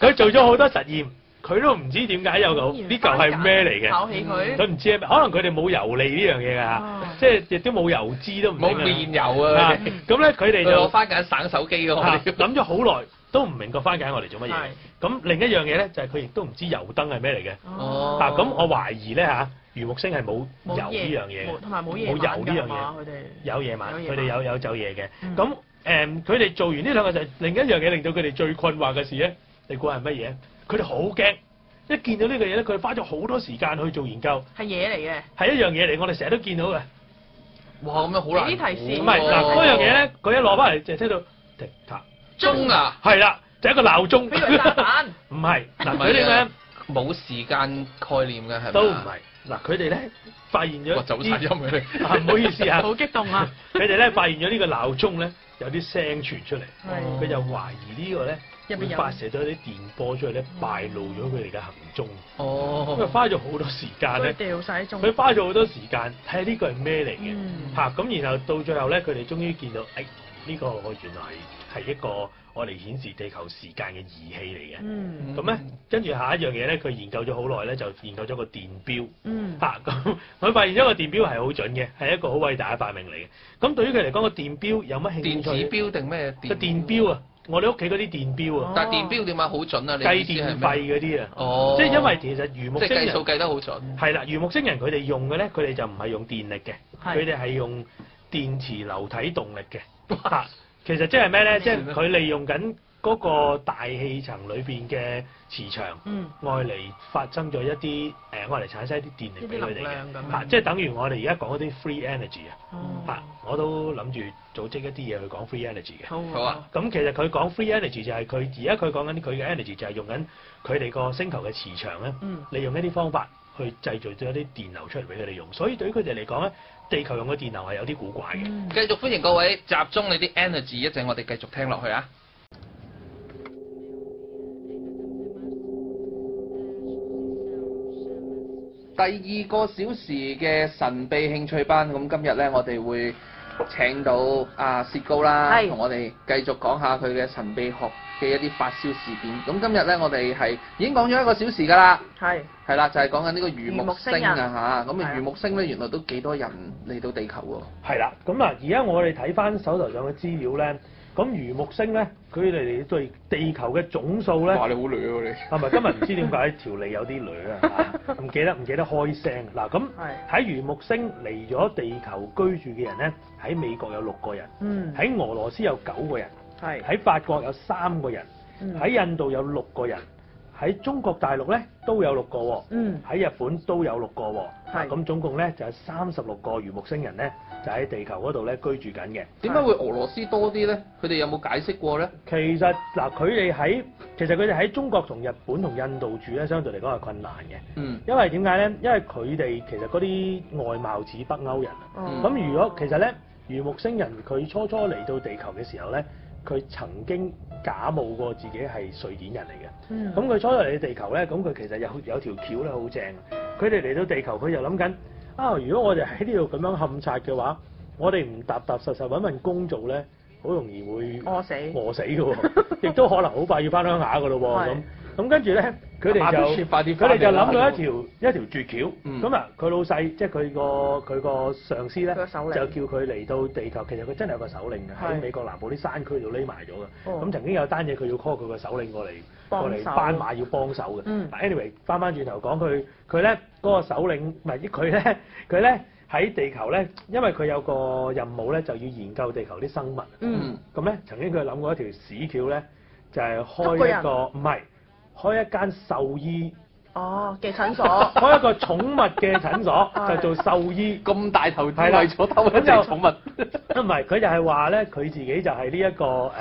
佢做咗好多實驗，佢都唔知點解有嚿，呢嚿係咩嚟嘅？考起佢，佢唔知，可能佢哋冇油膩呢樣嘢啊，即係亦都冇油脂都唔明啊。冇面油啊！咁咧，佢哋就攞番梘省手機咯。諗咗好耐，都唔明個番梘我嚟做乜嘢？咁另一樣嘢咧，就係佢亦都唔知油燈係咩嚟嘅。哦。嗱咁，我懷疑咧嚇，魚木星係冇油呢樣嘢同埋冇冇油呢樣嘢。有夜晚，佢哋有有走夜嘅。咁誒，佢哋做完呢兩個就係另一樣嘢，令到佢哋最困惑嘅事咧，你估係乜嘢？佢哋好驚，一見到呢個嘢咧，佢花咗好多時間去做研究，係嘢嚟嘅，係一樣嘢嚟。我哋成日都見到嘅。哇，咁樣好難，啲提示，唔係嗱，嗰樣嘢咧，佢一攞翻嚟就聽到鐘啊，係啦，就一個鬧鐘，唔係嗱，佢哋咩冇時間概念嘅，係咪？都唔係。嗱，佢哋咧發現咗啲，唔 好意思啊，好 激動啊！佢哋咧發現咗呢個鬧鐘咧有啲聲傳出嚟，佢是就懷疑呢、這個咧會發射到啲電波出去咧，敗露咗佢哋嘅行蹤。哦，因為花咗好多時間咧，佢花咗好多時間睇下呢個係咩嚟嘅。嚇、嗯，咁然後到最後咧，佢哋終於見到，哎呢個我原來係一個我嚟顯示地球時間嘅儀器嚟嘅、嗯。嗯。咁咧，跟住下一樣嘢咧，佢研究咗好耐咧，就研究咗個電表。嗯。嚇！咁佢發現咗個電表係好準嘅，係一個好偉大嘅發明嚟嘅。咁對於佢嚟講，個電表有乜興趣？電子表定咩？個電表啊，我哋屋企嗰啲電表啊。但係電表點解好準啊？你意思係咩？計電費嗰啲啊。哦。即係、哦、因為其實魚木星人。即係計數計得好準。係啦、嗯，魚木星人佢哋用嘅咧，佢哋就唔係用電力嘅，佢哋係用電磁流體動力嘅。嚇，其實即係咩咧？即係佢利用緊嗰個大氣層裏邊嘅磁場，嗯，外嚟發生咗一啲，誒、呃，外嚟產生一啲電力俾佢哋嘅。嚇、啊，即係等於我哋而家講嗰啲 free energy、嗯、啊！嚇，我都諗住組織一啲嘢去講 free energy 嘅。好啊。咁其實佢講 free energy 就係佢而家佢講緊佢嘅 energy 就係用緊佢哋個星球嘅磁場咧，嗯，利用一啲方法去製造咗一啲電流出嚟俾佢哋用，所以對於佢哋嚟講咧。地球用嘅電流係有啲古怪嘅。嗯、繼續歡迎各位，集中你啲 energy，一陣我哋繼續聽落去啊。第二個小時嘅神秘興趣班，咁今日呢，我哋會請到阿、啊、薛高啦，同是我哋繼續講下佢嘅神秘學。嘅一啲發燒事件，咁今日咧我哋係已經講咗一個小時㗎啦，係係啦，就係講緊呢個魚木星啊嚇，咁啊魚木星咧、啊、的原來都幾多人嚟到地球喎，係啦，咁啊而家我哋睇翻手頭上嘅資料咧，咁魚木星咧佢哋對地球嘅總數咧，哇你好女喎你，咪今日唔知 點解條脷有啲女啊嚇，唔 記得唔記得開聲，嗱咁喺魚木星嚟咗地球居住嘅人咧，喺美國有六個人，喺、嗯、俄羅斯有九個人。係喺法國有三個人，喺印度有六個人，喺中國大陸咧都有六個喎，喺日本都有六個喎。咁、嗯、總共咧就係三十六個魚木星人咧，就喺地球嗰度咧居住緊嘅。點解會俄羅斯多啲咧？佢哋有冇解釋過咧？其實嗱，佢哋喺其實佢哋喺中國同日本同印度住咧，相對嚟講係困難嘅。嗯因為點解咧，因為點解咧？因為佢哋其實嗰啲外貌似北歐人。咁、嗯、如果其實咧魚木星人佢初初嚟到地球嘅時候咧。佢曾經假冒過自己係瑞典人嚟嘅，咁佢初所嚟嘅地球咧，咁佢其實有有條橋咧，好正。佢哋嚟到地球，佢就諗緊啊！如果我哋喺呢度咁樣冚嚓嘅話，我哋唔踏踏實實揾份工做咧，好容易會餓死餓死嘅喎，亦 都可能好快要翻鄉下嘅咯喎，咁咁跟住咧。 佢哋就佢哋就諗到一條一條絕橋。咁啊，佢老細即係佢個佢個上司咧，就叫佢嚟到地球。其實佢真係有個首領嘅，喺美國南部啲山區度匿埋咗嘅。咁曾經有單嘢佢要 call 佢個首領過嚟過嚟，斑馬要幫手嘅。嗯。但係 anyway，翻返轉頭講佢佢咧嗰個首領唔係，佢咧佢咧喺地球咧，因為佢有個任務咧，就要研究地球啲生物。嗯。咁咧，曾經佢諗過一條屎橋咧，就係開一個唔係。開一間獸醫哦，嘅診所，開一個寵物嘅診所，就做獸醫。咁大投資，為咗偷一隻寵物，唔係，佢就係話咧，佢自己就係呢一個誒，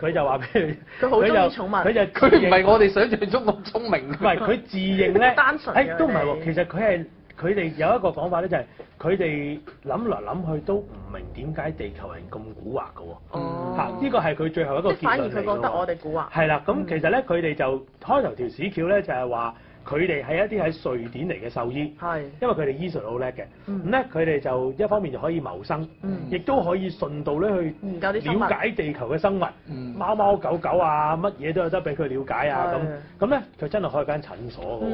佢就話俾佢，佢好中意寵物。佢就佢唔係我哋想象中咁聰明，唔係，佢自認咧，單純，誒，都唔係喎，其實佢係。佢哋有一個講法咧、就係，就係佢哋諗嚟諗去都唔明點解地球人咁古惑噶喎。嚇！呢個係佢最後一個結論，反而佢覺得我哋古惑。係啦，咁其實咧，佢哋、嗯、就開頭條屎橋咧，就係話佢哋係一啲喺瑞典嚟嘅獸醫，是因為佢哋醫術好叻嘅。咁咧、嗯，佢哋就一方面就可以謀生，亦都、嗯、可以順道咧去了解地球嘅生物，嗯，貓貓狗狗啊，乜嘢都有得俾佢了解啊。係是。咁咧，佢真係開間診所嘅。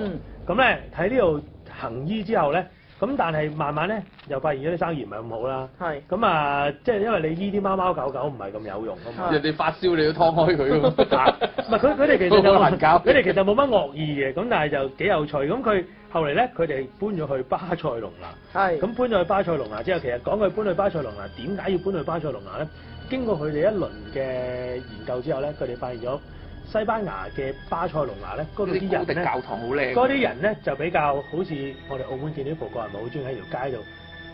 咁咧、嗯，喺呢度。行醫之後咧，咁但係慢慢咧又發現咗啲生意唔係咁好啦。咁是啊，即係因為你呢啲貓貓狗狗唔係咁有用。係的。人哋發燒你要劏開佢㗎，唔係佢，佢哋其實難搞，佢哋其實冇乜惡意嘅，咁但係就幾有趣。咁佢後嚟咧，佢哋搬咗去巴塞隆拿。係是。咁搬咗去巴塞隆拿之後，其實講佢搬去巴塞隆拿，點解要搬去巴塞隆拿咧？經過佢哋一輪嘅研究之後咧，佢哋發現咗。西班牙嘅巴塞隆拿咧，嗰度啲人咧，教堂好靚。嗰啲人咧就比較好似我哋澳門見到啲葡國人，咪好中意喺條街度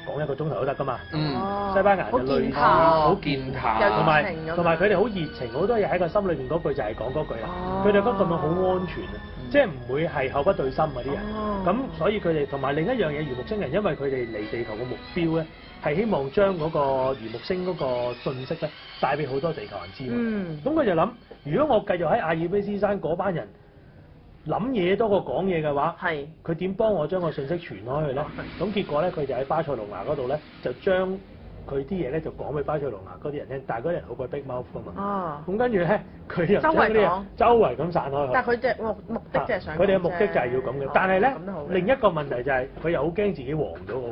講一個鐘頭都得噶嘛。嗯、西班牙就類似好健談，同埋同埋佢哋好熱情，好多嘢喺個心裏邊嗰句就係講嗰句啦。佢哋、啊、覺得咁樣好安全啊，即係唔會係口不對心嗰啲人。咁、啊、所以佢哋同埋另一樣嘢，魚木星人因為佢哋嚟地球嘅目標咧。係希望將嗰個魚木星嗰個信息咧，帶俾好多地球人知。咁佢、嗯、就諗，如果我繼續喺阿爾卑斯山嗰班人諗嘢多過講嘢嘅話，佢點是幫我將個信息傳開去咧？咁、啊、結果咧，佢就喺巴塞隆拿嗰度咧，就將佢啲嘢咧就講俾巴塞隆拿嗰啲人聽。但係嗰啲人好鬼 big mouth 啊嘛。哦。咁跟住咧，佢又將啲人周圍咁散開。但係佢隻目目的就係想。佢哋嘅目的就係要咁嘅，嗯、但係咧另一個問題就係佢又好驚自己黃咗喎。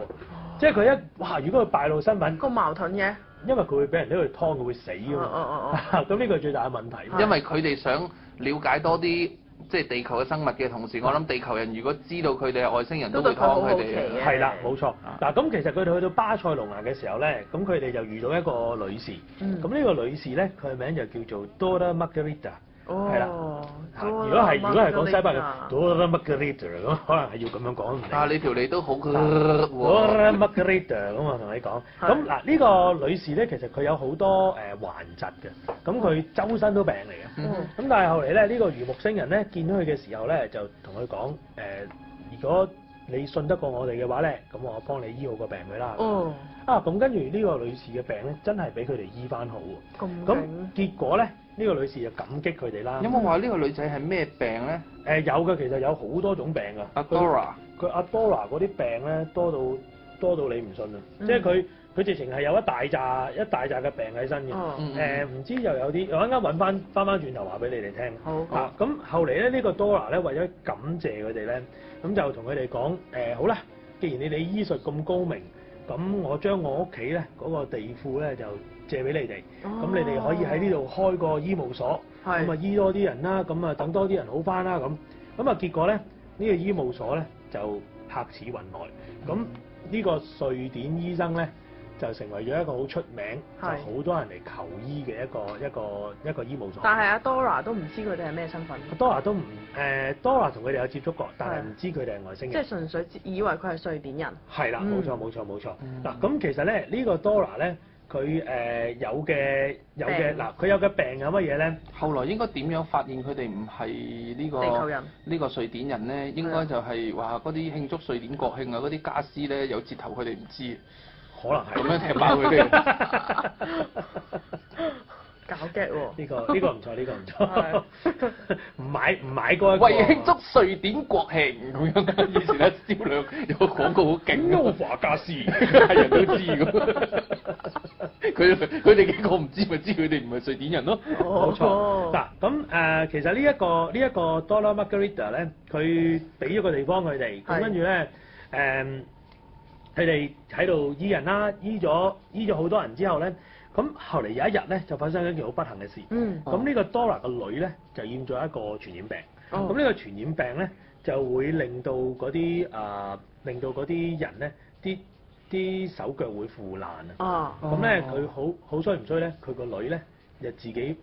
即係佢一哇！如果佢暴露身份，個矛盾嘅，因為佢會俾人喺度劏，佢會死啊嘛。哦，咁呢個係最大嘅問題。因為佢哋想了解多啲、嗯、即係地球嘅生物嘅同時，我諗地球人如果知道佢哋係外星人都會劏佢哋。都係啦，冇錯。嗱，咁、啊嗯、其實佢哋去到巴塞隆納嘅時候咧，咁佢哋就遇到一個女士。嗯。咁呢個女士咧，佢嘅名就叫做 Dora Margarita。係啦，如果係如果係講西北嘅，r t 咁，可能係要咁樣講。但係你條脷都好嘅喎我同你講。咁嗱呢個女士咧，其實佢有好多誒患疾嘅，咁佢周身都病嚟嘅。咁但係後嚟咧，呢個魚木星人咧，見到佢嘅時候咧，就同佢講誒，如果你信得過我哋嘅話咧，咁我幫你醫好個病佢啦。哦。啊咁，跟住呢個女士嘅病咧，真係俾佢哋醫翻好喎。咁勁！咁結果咧？呢個女士就感激佢哋啦。有冇話呢個女仔係咩病咧？誒有㗎，其實有好多種病㗎。Adora 佢 Adora 嗰啲病咧多到多到你唔信啊！嗯、即係佢佢直情係有一大紮一大扎嘅病喺身嘅。誒唔、嗯呃、知又有啲我啱啱揾翻翻翻轉頭話俾你哋聽。好啊，咁後嚟咧呢、呢個 Dora 咧為咗感謝佢哋咧，咁就同佢哋講誒，好啦，既然你哋醫術咁高明，咁我將我屋企咧嗰個地庫咧就。借俾你哋，咁、哦、你哋可以喺呢度開個醫務所，咁啊醫多啲人啦，咁啊等多啲人好翻啦咁。咁啊結果咧，呢個醫務所咧就客似雲來，咁呢個瑞典醫生咧就成為咗一個好出名，就好多人嚟求醫嘅一個一個一個醫務所。但係阿、啊、Dora 都唔知佢哋係咩身份。啊、Dora 都唔、呃、Dora 同佢哋有接觸過，但係唔知佢哋係外星人。即係純粹以為佢係瑞典人。係啦的，冇錯冇錯冇錯。嗱咁、嗯、其實咧，這個、呢個 Dora 咧。佢誒、呃、有嘅有嘅，嗱佢病有嘅病有乜嘢咧？後來應該點樣發現佢哋唔係呢個呢個瑞典人咧？應該就係話嗰啲慶祝瑞典國慶啊，嗰啲家私咧有折頭，佢哋唔知。可能係咁樣踢爆佢哋。 搞腳喎！呢個呢個唔錯，呢個唔錯。唔買唔買過。喂，慶祝瑞典國慶咁樣，以前咧招有個廣告好勁，歐華嘉士係人都知㗎。佢佢哋幾個唔知咪知佢哋唔係瑞典人咯。哦、冇錯。嗱咁誒，其實呢一個呢一個多拉瑪格瑞達咧，佢俾咗個地方佢哋，咁的跟住咧誒，佢哋喺度醫人啦，醫咗醫咗好多人之後咧。咁後嚟有一日咧，就發生一件好不幸嘅事。嗯。咁呢個 Dora 個女咧就染咗一個傳染病。哦。咁呢個傳染病咧就會令到嗰啲、呃、令到嗰啲人咧啲啲手腳會腐爛啊。哦。咁咧佢好好衰唔衰咧？佢個女咧就自己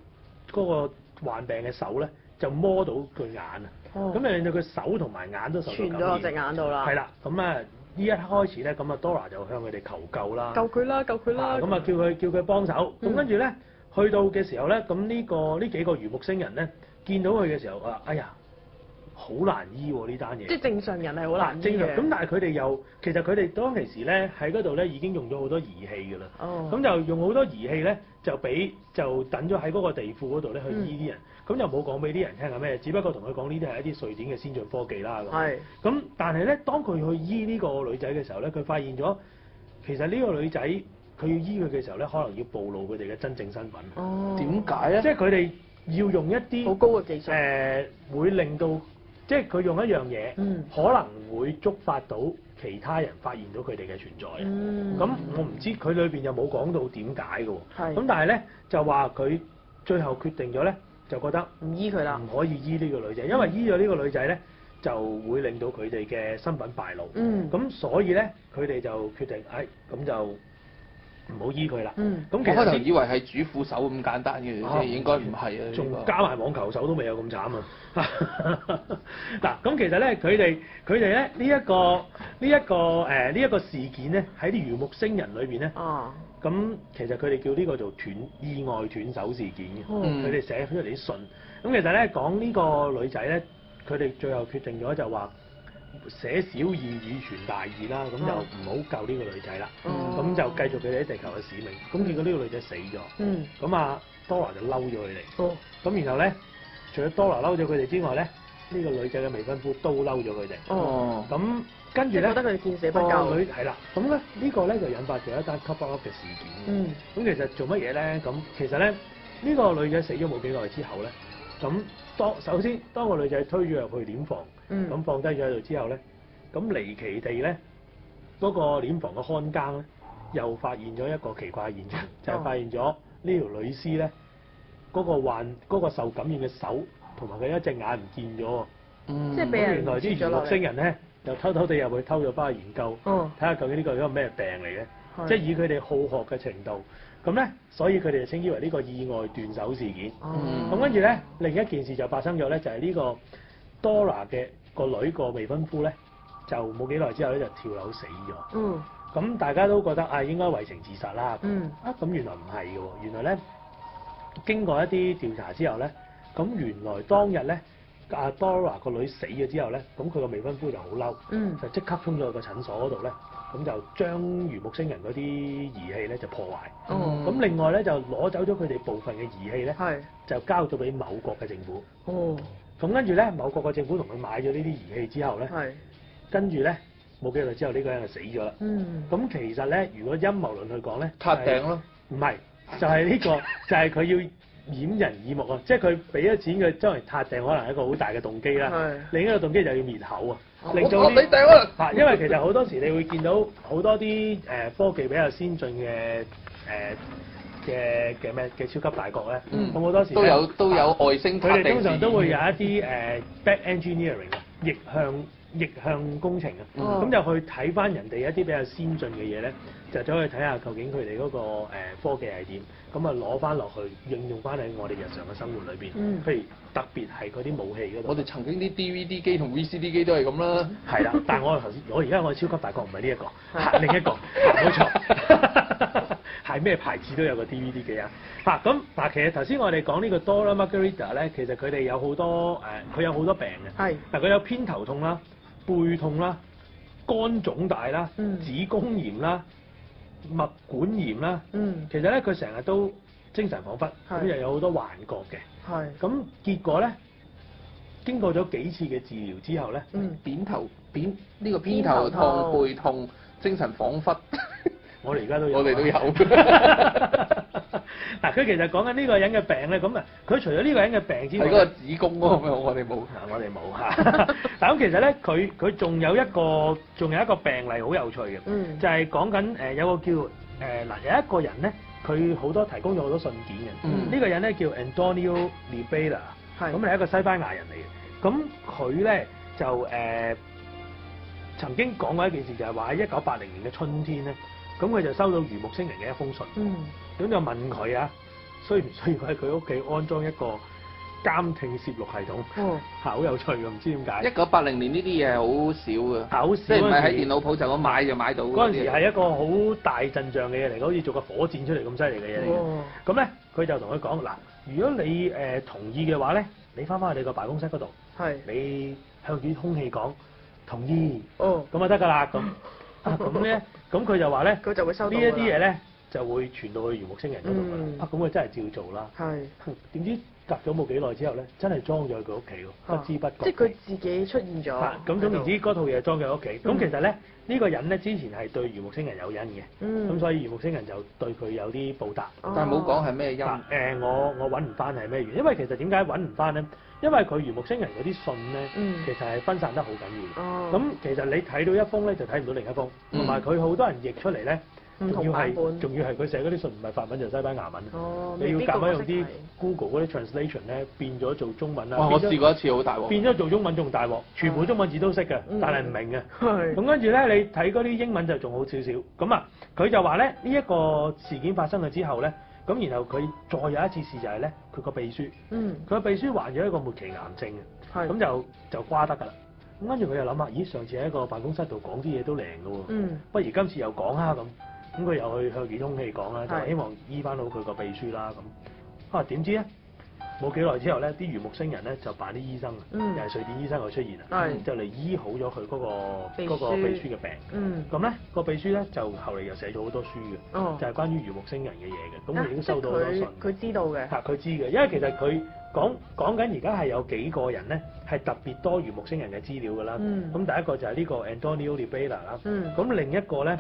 嗰個患病嘅手咧就摸到佢眼啊。哦。咁誒令到佢手同埋眼都受到感染。傳到我隻眼度啦。係啦，咁啊。呢一開始咧，咁啊 Dora 就向佢哋求救啦，救佢啦，救佢啦，咁啊叫佢叫佢幫手。咁跟住咧，去到嘅時候咧，咁呢個呢幾個魚木星人咧，見到佢嘅時候啊，哎呀，好難醫喎，呢單嘢。即係正常人係好難醫嘅。咁但係佢哋又其實佢哋當其時咧喺嗰度咧已經用咗好多儀器㗎啦。哦。咁就用好多儀器咧，就俾就等咗喺嗰個地庫嗰度咧去醫啲人。嗯咁又冇講俾啲人聽係咩，只不過同佢講呢啲係一啲瑞典嘅先進科技啦。咁是，咁但係咧，當佢去醫呢個女仔嘅時候咧，佢發現咗其實呢個女仔，佢要醫佢嘅時候咧，可能要暴露佢哋嘅真正身份。哦。點解咧？即係佢哋要用一啲好高嘅技術、呃、會令到即係佢用一樣嘢，嗯、可能會觸發到其他人發現到佢哋嘅存在嘅。咁、嗯嗯、我唔知佢裏面又冇講到點解嘅喎。咁是但係咧，就話佢最後決定咗咧。就覺得唔醫佢啦，唔可以醫呢個女仔，因為醫咗呢個女仔咧，就會令到佢哋嘅身份敗露。嗯，咁所以咧，佢哋就決定，唉、哎，咁就唔好醫佢啦。嗯，咁其實我開頭以為係主婦手咁簡單嘅，啊、應該唔係啊，仲加埋網球手都未有咁慘啊。嗱， 咁其實咧，佢哋佢哋咧呢一、這個呢一、這個誒呢一個事件咧，喺啲魚木星人裏邊咧。哦、啊。咁其實佢哋叫呢個做斷意外斷手事件嘅，佢哋、嗯、寫出嚟啲信。咁其實咧講呢個女仔咧，佢哋最後決定咗就話寫小二以傳大二啦，咁就唔好救呢個女仔啦。咁、嗯、就繼續佢哋喺地球嘅使命。咁、嗯、結果呢個女仔死咗。咁啊多 o 就嬲咗佢哋。咁、嗯、然後咧，除咗多 o 嬲咗佢哋之外咧，呢、這個女仔嘅未婚夫都嬲咗佢哋。咁、嗯跟住咧，呢覺得佢見死不救。哦、女係啦，咁咧呢個咧就引發咗一單 cover up 嘅事件。嗯。咁其實做乜嘢咧？咁其實咧呢、呢個女仔死咗冇幾耐之後咧，咁首先當個女仔推咗入去殮房，咁、嗯、放低咗喺度之後咧，咁離奇地咧，嗰、嗰個殮房嘅看更咧又發現咗一個奇怪嘅現象，嗯、就係發現咗呢條女屍咧，嗰個患嗰、嗰個、受感染嘅手同埋佢一隻眼唔見咗。即係未人之前木星人咧。就偷偷哋入去偷咗翻去研究，睇下究竟呢個係一個咩病嚟嘅，的即係以佢哋好學嘅程度，咁咧，所以佢哋就稱之為呢個意外斷手事件。咁跟住咧，另一件事就發生咗咧，就係、是、呢個 Dora 嘅個女個未婚夫咧，就冇幾耐之後咧就跳樓死咗。咁、嗯、大家都覺得啊，應該為情自殺啦。啊、嗯，咁原來唔係嘅，原來咧經過一啲調查之後咧，咁原來當日咧。阿 Dora 個女死咗之後咧，咁佢個未婚夫就好嬲，嗯、就即刻衝咗去個診所嗰度咧，咁就將魚木星人嗰啲儀器咧就破壞，咁、嗯、另外咧就攞走咗佢哋部分嘅儀器咧，是就交咗俾某國嘅政府。咁跟住咧，某國嘅政府同佢買咗呢啲儀器之後咧，跟住咧冇幾日之後呢個人就死咗啦。咁、嗯、其實咧，如果陰謀論去講咧，塔頂咯，唔係就係、是、呢、呢個，就係、是、佢要。 掩人耳目啊！即係佢俾咗錢，佢周圍撻掟可能係一個好大嘅動機啦。唉另一個動機就要滅口啊！我令到你啲嚇，因為其實好多時你會見到好多啲誒、呃、科技比較先進嘅誒嘅嘅咩嘅超級大國咧，咁好、嗯、多時候都有都有外星，佢哋通常都會有一啲誒 back engineering 逆向逆向工程啊，咁、嗯、就去睇翻人哋一啲比較先進嘅嘢咧，就走去睇下究竟佢哋嗰個、呃、科技係點。咁啊，攞翻落去應用翻喺我哋日常嘅生活裏面。嗯。譬如特別係嗰啲武器度。我哋曾經啲 DVD 機同 VCD 機都係咁啦。係啦，但我頭先，我而家我超級大國唔係呢一個，係、 啊、另一個，冇錯。係咩 牌子都有個 DVD 機啊？咁、啊、嗱、啊，其實頭先我哋講呢個 Dora Margarita 咧，其實佢哋有好多佢、呃、有好多病嘅。係的。但佢有偏頭痛啦、背痛啦、肝腫大啦、嗯、子宮炎啦。脈管炎啦，嗯，其實咧佢成日都精神恍惚，咁是又有好多幻覺嘅，係咁是結果咧經過咗幾次嘅治療之後咧，嗯，扁頭扁呢、這個扁頭，偏頭痛、背痛、精神恍惚，我哋而家都有、啊，我哋都有、啊。 嗱，佢、啊、其實講緊呢個人嘅病咧，咁啊，佢除咗呢個人嘅病之外，你個子宮啊，咁、嗯、我哋冇，我哋冇嚇。但咁其實咧，佢佢仲有一個，仲有一個病例好有趣嘅，嗯、就係講緊誒有一個叫誒嗱、呃、有一個人咧，佢好多提供咗好多信件嘅。呢、嗯、個人咧叫 Antonio Nibera，咁係 一個西班牙人嚟嘅。咁佢咧就誒、呃、曾經講過一件事，就係話喺一九八零年嘅春天咧，咁佢就收到魚木星人嘅一封信。嗯咁就問佢啊，需唔需要喺佢屋企安裝一個監聽攝錄系統？哦，好有趣㗎，唔知點解？一九八零年呢啲嘢係好少㗎，即係唔係喺電腦鋪就咁買就買到，嗰陣時係一個好大陣仗嘅嘢嚟，好似做個火箭出嚟咁犀利嘅嘢嚟。咁咧，佢就同佢講嗱，如果你誒同意嘅話咧，你翻返去你個辦公室嗰度，係，你向住空氣講同意，哦，咁啊得㗎啦，咁呢，咁咧，咁佢就話咧，佢就會收到呢一啲嘢咧。就會傳到去魚木星人嗰度㗎啦。啊，咁佢真係照做啦。係。點知隔咗冇幾耐之後咧，真係裝咗喺佢屋企喎，不知不覺。即係佢自己出現咗。咁總言之，嗰套嘢裝咗喺屋企。咁其實咧，呢個人咧之前係對魚木星人有恩嘅。咁所以魚木星人就對佢有啲報答。但係冇講係咩恩。誒，我我揾唔翻係咩原因？因為其實點解搵唔翻咧？因為佢魚木星人嗰啲信咧，其實係分散得好緊要。咁其實你睇到一封咧，就睇唔到另一封。同埋佢好多人譯出嚟咧。仲要係，仲要係佢寫嗰啲信唔係法文就西班牙文，你要夾硬用啲 Google 嗰啲 translation 咧變咗做中文啦。我試過一次好大鑊，變咗做中文仲大鑊，全部中文字都識嘅，但係唔明嘅。咁跟住咧，你睇嗰啲英文就仲好少少。咁啊，佢就話咧，呢一個事件發生咗之後咧，咁然後佢再有一次事就係咧，佢個秘書，佢個秘書患咗一個末期癌症嘅，咁就就瓜得㗎啦。咁跟住佢又諗啊，咦？上次喺個辦公室度講啲嘢都靈㗎喎，不如今次又講下咁。咁佢又去向幾通氣講啦，就係希望醫翻好佢個秘書啦。咁是啊點知咧？冇幾耐之後咧，啲魚木星人咧就扮啲醫生，嗯、又係隨便醫生去出現、嗯、就嚟醫好咗佢嗰個秘書嘅病。咁咧、嗯、個秘書咧就後嚟又寫咗好多書嘅，哦、就係關於魚木星人嘅嘢嘅。咁佢已經收到好多信。佢、啊、知道嘅。嚇佢、啊、知嘅，因為其實佢講講緊而家係有幾個人咧係特別多魚木星人嘅資料噶啦。咁、嗯、第一個就係呢個 Antonio Ribera 啦。咁、嗯、另一個咧。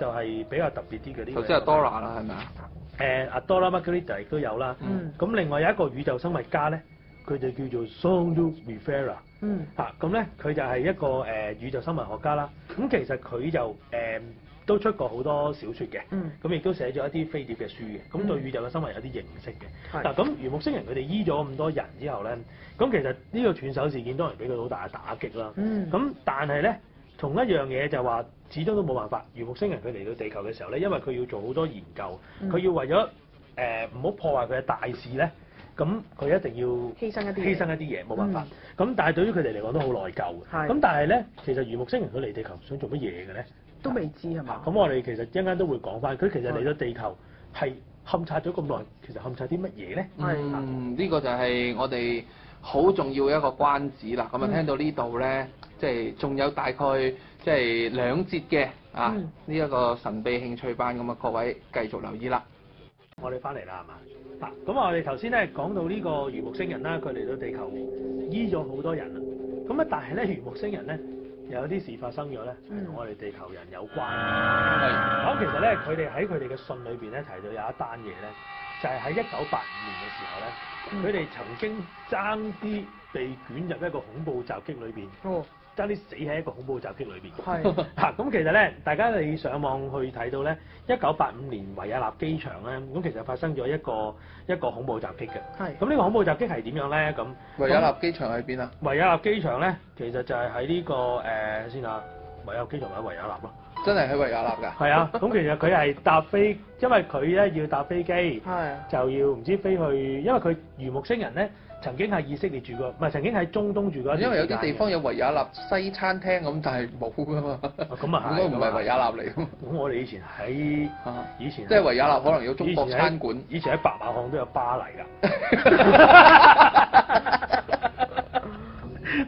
就係比較特別啲嘅呢個。頭先係 Dora 啦，係咪啊？誒阿 Dora Magrider 都有啦。咁另外有一個宇宙生物家咧，佢就叫做 Saul o r a f a 嗯。嚇咁咧，佢就係一個誒、呃、宇宙生物學家啦。咁、嗯、其實佢就誒、呃、都出過好多小説嘅。咁亦、mm. 嗯、都寫咗一啲飛碟嘅書嘅。咁對宇宙嘅生物有啲認識嘅。係、mm. 啊。嗱咁魚木星人佢哋醫咗咁多人之後咧，咁其實呢個斷手事件當然俾佢好大嘅打擊啦。嗯、mm. 啊。咁但係咧。同一樣嘢就話，始終都冇辦法。魚木星人佢嚟到地球嘅時候咧，因為佢要做好多研究，佢、嗯、要為咗誒唔好破壞佢嘅大事咧，咁佢一定要犧牲一啲犧牲一啲嘢，冇辦法。咁、嗯、但係對於佢哋嚟講都好內疚嘅。咁是但係咧，其實魚木星人佢嚟地球想做乜嘢嘅咧？都未知係嘛？咁、啊、我哋其實一陣間都會講返，佢其實嚟到地球係勘察咗咁耐，其實勘察啲乜嘢咧？嗯，呢、啊、個就係我哋好重要嘅一個關子啦。咁啊，聽到這裡呢度咧。嗯即係仲有大概即係兩節嘅、嗯、啊，呢、這、一個神秘興趣班咁啊，各位繼續留意啦。我哋翻嚟啦，係嘛？嗱、啊，咁我哋頭先咧，講到呢個魚木星人啦，佢嚟到地球醫咗好多人啦。咁啊，但係咧，魚木星人咧有啲事發生咗咧，同、嗯、我哋地球人有關嘅。咁是其實咧佢哋喺佢哋嘅信裏面咧提到有一單嘢咧，就係喺一九八五年嘅時候咧，佢哋、嗯、曾經爭啲被捲入一個恐怖襲擊裏面。哦爭啲死喺一個恐怖襲擊裏邊。係的。嚇、啊，咁其實咧，大家你上網去睇到咧，一九八五年維也納機場咧，咁其實發生咗一個一個恐怖襲擊嘅。係的。咁呢個恐怖襲擊係點樣咧？咁維也納機場喺邊啊？維也納機場咧，其實就係喺呢個誒先啊，維也納機場或者維也納咯。真係喺維也納㗎？係啊。咁其實佢係搭飛，因為佢咧要搭飛機，的就要唔知飛去，因為佢魚木星人咧。曾經喺以色列住過，唔係曾經喺中東住過。因為有啲地方有維也納西餐廳咁，但係冇噶嘛。咁啊，咁都唔係維也納嚟。咁、啊、我哋以前喺、啊、以前喺，即係維也納可能有中國餐館。以前喺白馬巷都有巴黎噶。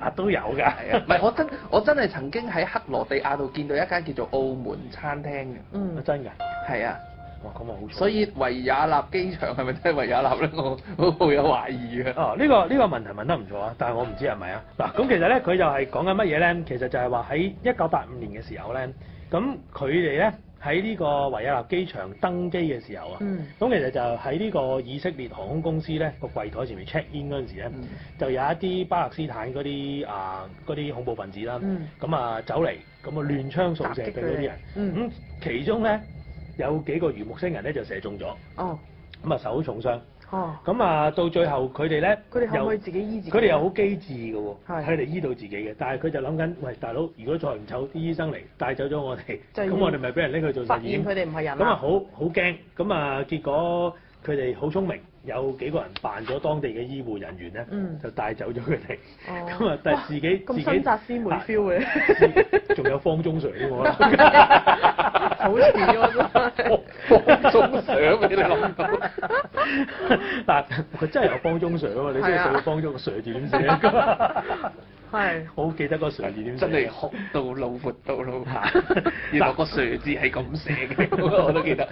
啊， 都有㗎的，係 啊。唔係，我真我真係曾經喺克羅地亞度見到一間叫做澳門餐廳嘅。嗯，真㗎，係啊。哇，咁啊好！所以維也納機場係咪真係維也納咧？我我好有懷疑嘅。哦、啊，呢、呢個呢、呢個問題問得唔錯啊！但係我唔知係咪啊？嗱，咁其實咧，佢就係講緊乜嘢咧？其實就係話喺一九八五年嘅時候咧，咁佢哋咧喺呢個維也納機場登機嘅時候啊，咁、嗯、其實就喺呢個以色列航空公司咧個櫃枱前面 check in 嗰陣時咧，嗯、就有一啲巴勒斯坦嗰啲啊啲恐怖分子啦、啊，咁啊走嚟咁啊亂槍掃射嗰啲人，咁、嗯、其中咧。有幾個魚木星人咧就射中咗，咁啊、oh. 嗯、受好重傷，咁啊、oh. 嗯、到最後佢哋咧，佢哋可唔可以自己醫治？佢哋又好機智嘅喎，佢哋的醫到自己嘅，但係佢就諗緊，喂，大佬，如果再唔湊啲醫生嚟帶走咗我哋，咁、就是嗯、我哋咪俾人拎佢做實驗？佢哋唔係人，咁啊、嗯嗯、好好驚，咁、嗯、啊、嗯、結果。佢哋好聰明，有幾個人扮咗當地嘅醫護人員咧，嗯、就帶走咗佢哋。咁啊、哦，但係自己自己，哇、啊，咁新紮師妹 feel 嘅，仲有方中 Sir 喎？ 好似啊，方中 Sir 俾你諗到？但係佢真係有方中 Sir 啊？你知唔知方中 Sir 字點寫？ 係，好是記得個蛇字點寫，真係學到老活到老。 原來個蛇字係咁寫嘅，我都記得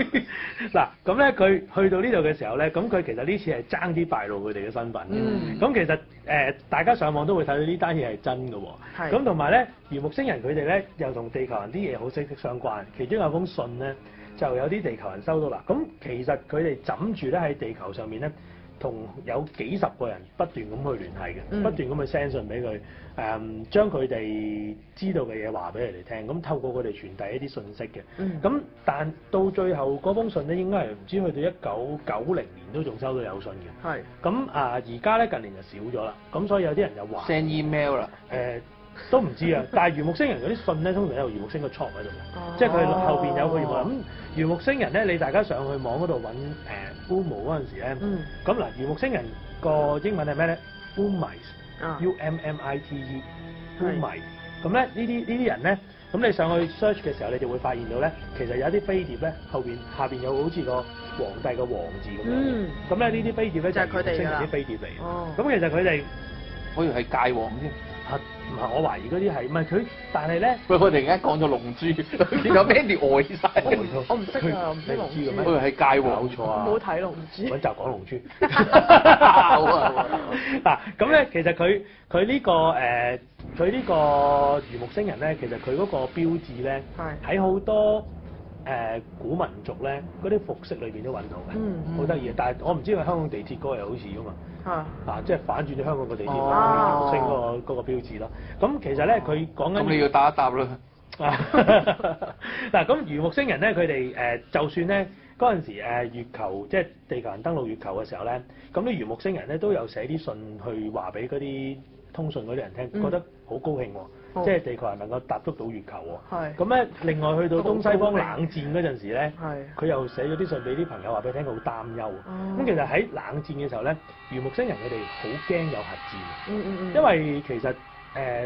那。嗱，咁咧佢去到呢度嘅時候咧，咁佢其實呢次係爭啲敗露佢哋嘅身份。咁、嗯、其實誒、呃，大家上網都會睇到這呢單嘢係真嘅喎。咁同埋咧，而木星人佢哋咧，又同地球人啲嘢好息息相關。其中有封信咧，就有啲地球人收到啦。咁其實佢哋枕住咧喺地球上面咧。同有幾十個人不斷咁去聯繫嘅，不斷咁去 send 信俾佢，誒將佢哋知道嘅嘢話俾佢哋聽，咁透過佢哋傳遞一啲信息嘅。咁但到最後嗰封信咧，應該係唔知去到一九九零年都仲收到有信嘅。係是。咁啊，而家咧近年就少咗啦。咁所以有啲人就話 send email 啦。誒、呃。都唔知啊！但係魚木星人嗰啲信咧，通常都有魚木星嘅戳喺度嘅，oh、即係佢後邊有個魚木。咁魚、oh、木星人咧，你大家上去網嗰度揾誒 Umo 嗰陣時咧，咁嗱魚木星人個英文係咩咧？Umites，U M M I T E，Umites。咁、e，咧呢啲呢啲人咧，咁你上去 search 嘅時候，你就會發現到咧，其實有啲飛碟咧後邊下邊有好似個皇帝個王字咁樣咁，咧呢啲飛碟咧就係魚木星人啲飛碟嚟。嘅。咁其實佢哋可以係界王添。唔係，我懷疑嗰啲係唔係佢，但係咧，喂，我突然間講咗龍珠，見到 Mandy 呆晒！我唔識我唔知龍珠嘅咩？佢喺街喎，冇錯啊！冇睇龍珠，揾集講龍珠。好啊！嗱，咁咧其實佢佢呢個誒，佢呢個魚木星人咧，其實佢嗰個標誌呢，喺好多。誒、呃、古民族咧，嗰啲服飾裏邊都揾到嘅，好得意嘅。但係我唔知係香港地鐵嗰個又好似噶嘛，嗱、啊啊、即係反轉咗香港個地鐵嗰、啊那個星嗰個嗰個標誌咯。咁其實咧，佢講緊你要打一答啦。嗱咁魚木星人咧，佢哋誒就算咧嗰陣時、呃、月球即係地球人登陸月球嘅時候咧，咁啲魚木星人咧都有寫啲信去話俾嗰啲通訊嗰啲人聽，嗯、覺得好高興喎、啊。即係地球人能夠踏足到月球喎，咁咧是另外去到東西方冷戰嗰陣時呢，佢又寫咗啲信俾啲朋友話俾佢聽，佢好擔憂。咁、哦、其實喺冷戰嘅時候咧，魚木星人佢哋好驚有核戰，嗯嗯嗯，因為其實呢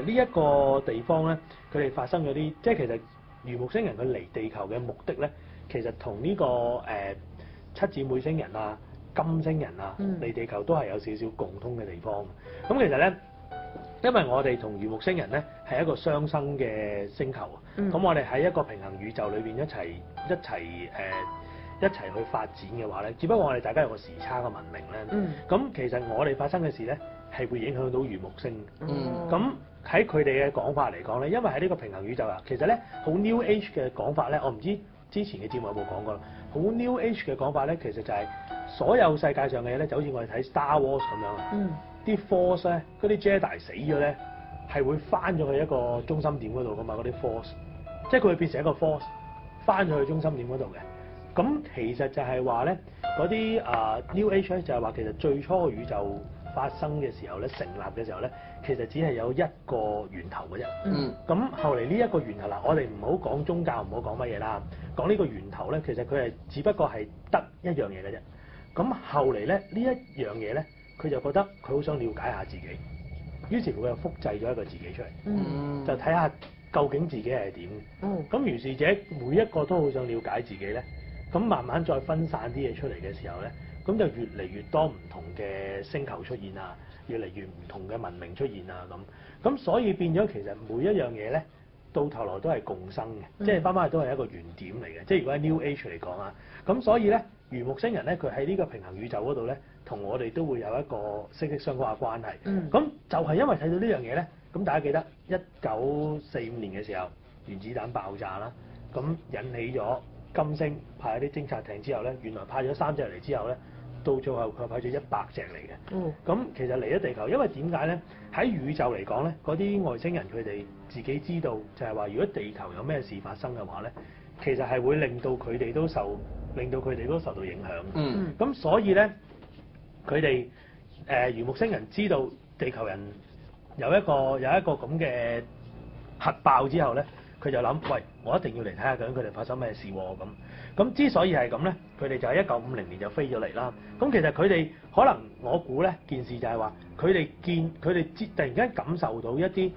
一、呃這個地方咧，佢哋發生咗啲，即係其實魚木星人佢離地球嘅目的咧，其實同呢、這個、呃、七姊妹星人啊、金星人啊嚟地球都係有少少共通嘅地方。咁、嗯、其實咧。因為我哋同魚木星人咧係一個雙生嘅星球，咁、嗯、我哋喺一個平衡宇宙裏邊一齊一齊誒、呃、一齊去發展嘅話咧，只不過我哋大家有個時差嘅文明咧。咁、嗯、其實我哋發生嘅事咧係會影響到魚木星的。咁喺佢哋嘅講法嚟講咧，因為喺呢個平衡宇宙啊，其實咧好 New Age 嘅講法咧，我唔知之前嘅節目有冇講過啦。好 New Age 嘅講法咧，其實就係所有世界上嘅嘢咧，就好似我哋睇 Star Wars 咁樣啊。嗯。啲 force 咧，嗰啲 Jedi 死咗咧，係會翻咗去一個中心點嗰度噶嘛？嗰啲 force，即係佢會變成一個 force，翻咗去中心點嗰度嘅。咁其實就係話咧，嗰啲啊 New Age 咧就係話其實最初宇宙發生嘅時候咧，成立嘅時候咧，其實只係有一個源頭嘅啫。嗯。咁後嚟呢一個源頭啦，我哋唔好講宗教，唔好講乜嘢啦，講呢個源頭咧，其實佢係只不過係得一樣嘢嘅啫。咁後嚟咧，這個、呢一樣嘢咧。佢就覺得佢好想了解下自己，於是乎佢又複製咗一個自己出嚟，嗯、就睇下究竟自己係點。咁於、嗯、是者每一個都好想了解自己咧，咁慢慢再分散啲嘢出嚟嘅時候咧，咁就越嚟越多唔同嘅星球出現啊，越嚟越唔同嘅文明出現啊咁。咁所以變咗其實每一樣嘢咧，到頭來都係共生嘅，嗯、即係翻翻去都係一個原點嚟嘅。即係如果喺 New Age 嚟講啊，咁所以咧，魚木星人咧，佢喺呢個平衡宇宙嗰度咧。同我哋都會有一個息息相關嘅關係。咁、嗯、就係因為睇到呢樣嘢咧，咁大家記得一九四五年嘅時候，原子彈爆炸啦，咁引起咗金星派啲偵察艇之後咧，原來派咗三隻嚟之後咧，到最後佢派咗一百隻嚟嘅。咁、嗯、其實嚟咗地球，因為點解咧？喺宇宙嚟講咧，嗰啲外星人佢哋自己知道就係話，如果地球有咩事發生嘅話咧，其實係會令到佢哋都受，令到佢哋都受到影響。咁、嗯、所以咧。佢哋誒魚木星人知道地球人有一個有一個咁嘅核爆之後咧，佢就諗喂，我一定要嚟睇下究竟佢哋發生咩事喎，啊！咁咁之所以係咁咧，佢哋就係一九五零年就飛咗嚟啦。咁其實佢哋可能我估咧，件事就係話佢哋見佢哋接突然間感受到一啲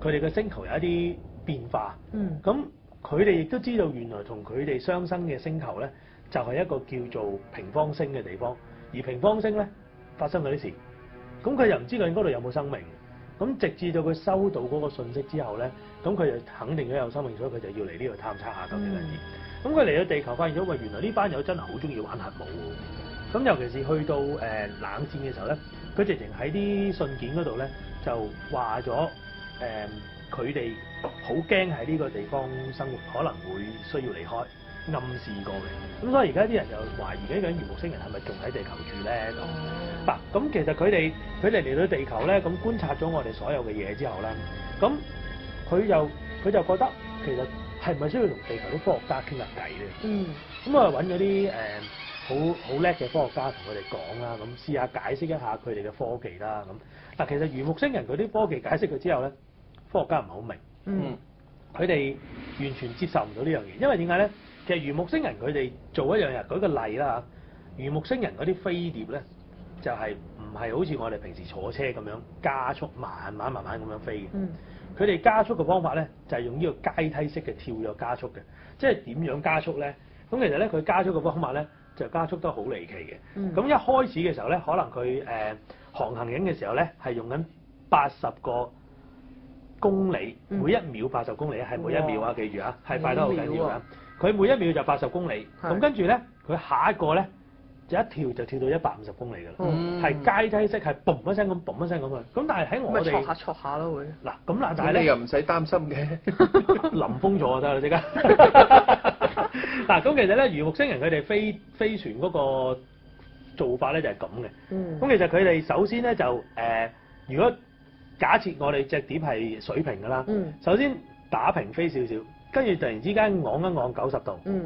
佢哋嘅星球有一啲變化。嗯。咁佢哋亦都知道原來同佢哋相生嘅星球咧，就係、是、一個叫做平方星嘅地方。而平方星咧發生嗰啲事，咁佢又唔知佢嗰度有冇生命，咁直至到佢收到嗰個訊息之後咧，咁佢就肯定咗有生命，所以佢就要嚟呢度探測下究竟點。咁佢嚟到地球發現咗，喂，原來呢班友真係好鍾意玩核武喎。咁尤其是去到誒、呃、冷戰嘅時候咧，佢直情喺啲信件嗰度咧就話咗誒佢哋好驚喺呢個地方生活，可能會需要離開，暗示過嘅咁，所以而家啲人就懷疑緊，魚木星人係咪仲喺地球住咧？咁嗱，嗯，咁其實佢哋佢嚟嚟到地球咧，咁觀察咗我哋所有嘅嘢之後咧，咁佢又佢就覺得其實係唔係需要同地球啲科學家傾下偈咧？嗯，咁啊揾咗啲誒好好叻嘅科學家同佢哋講啦，咁試下解釋一下佢哋嘅科技啦。咁嗱，其實魚木星人佢啲科技解釋佢之後咧，科學家唔係好明，嗯，佢哋完全接受唔到呢樣嘢，因為點解咧？其實魚木星人佢哋做一樣嘢，舉個例啦嚇。魚木星人嗰啲飛碟咧，就係唔係好似我哋平時坐車咁樣加速，慢慢慢慢咁樣飛嘅。嗯。佢哋加速嘅方法咧，就係、是、用呢個階梯式嘅跳躍加速嘅。即係點樣加速咧？咁其實咧，佢加速嘅方法咧，就加速得好離奇嘅。咁、嗯、一開始嘅時候咧，可能佢誒、呃、航行緊嘅時候咧，係用緊八十個公里，嗯、每一秒八十公里啊，係每一秒啊，哇記住啊，係快得好緊要的啊。佢每一秒就八十公里，咁跟住咧，佢下一個咧就一跳就跳到一百五十公里嘅啦，係階、嗯、梯式，係嘣一聲咁，嘣一聲咁啊！咁但係喺我哋，戳下戳下咯，會嗱咁嗱。但係咧，你又唔使擔心嘅，臨封咗就得啦，即刻嗱咁。其實咧，魚木星人佢哋飛飛船嗰個做法咧就係咁嘅，咁、嗯、其實佢哋首先咧就誒、呃，如果假設我哋隻碟係水平噶啦，嗯、首先打平飛少少。跟住突然之間昂一昂九十度，嗯，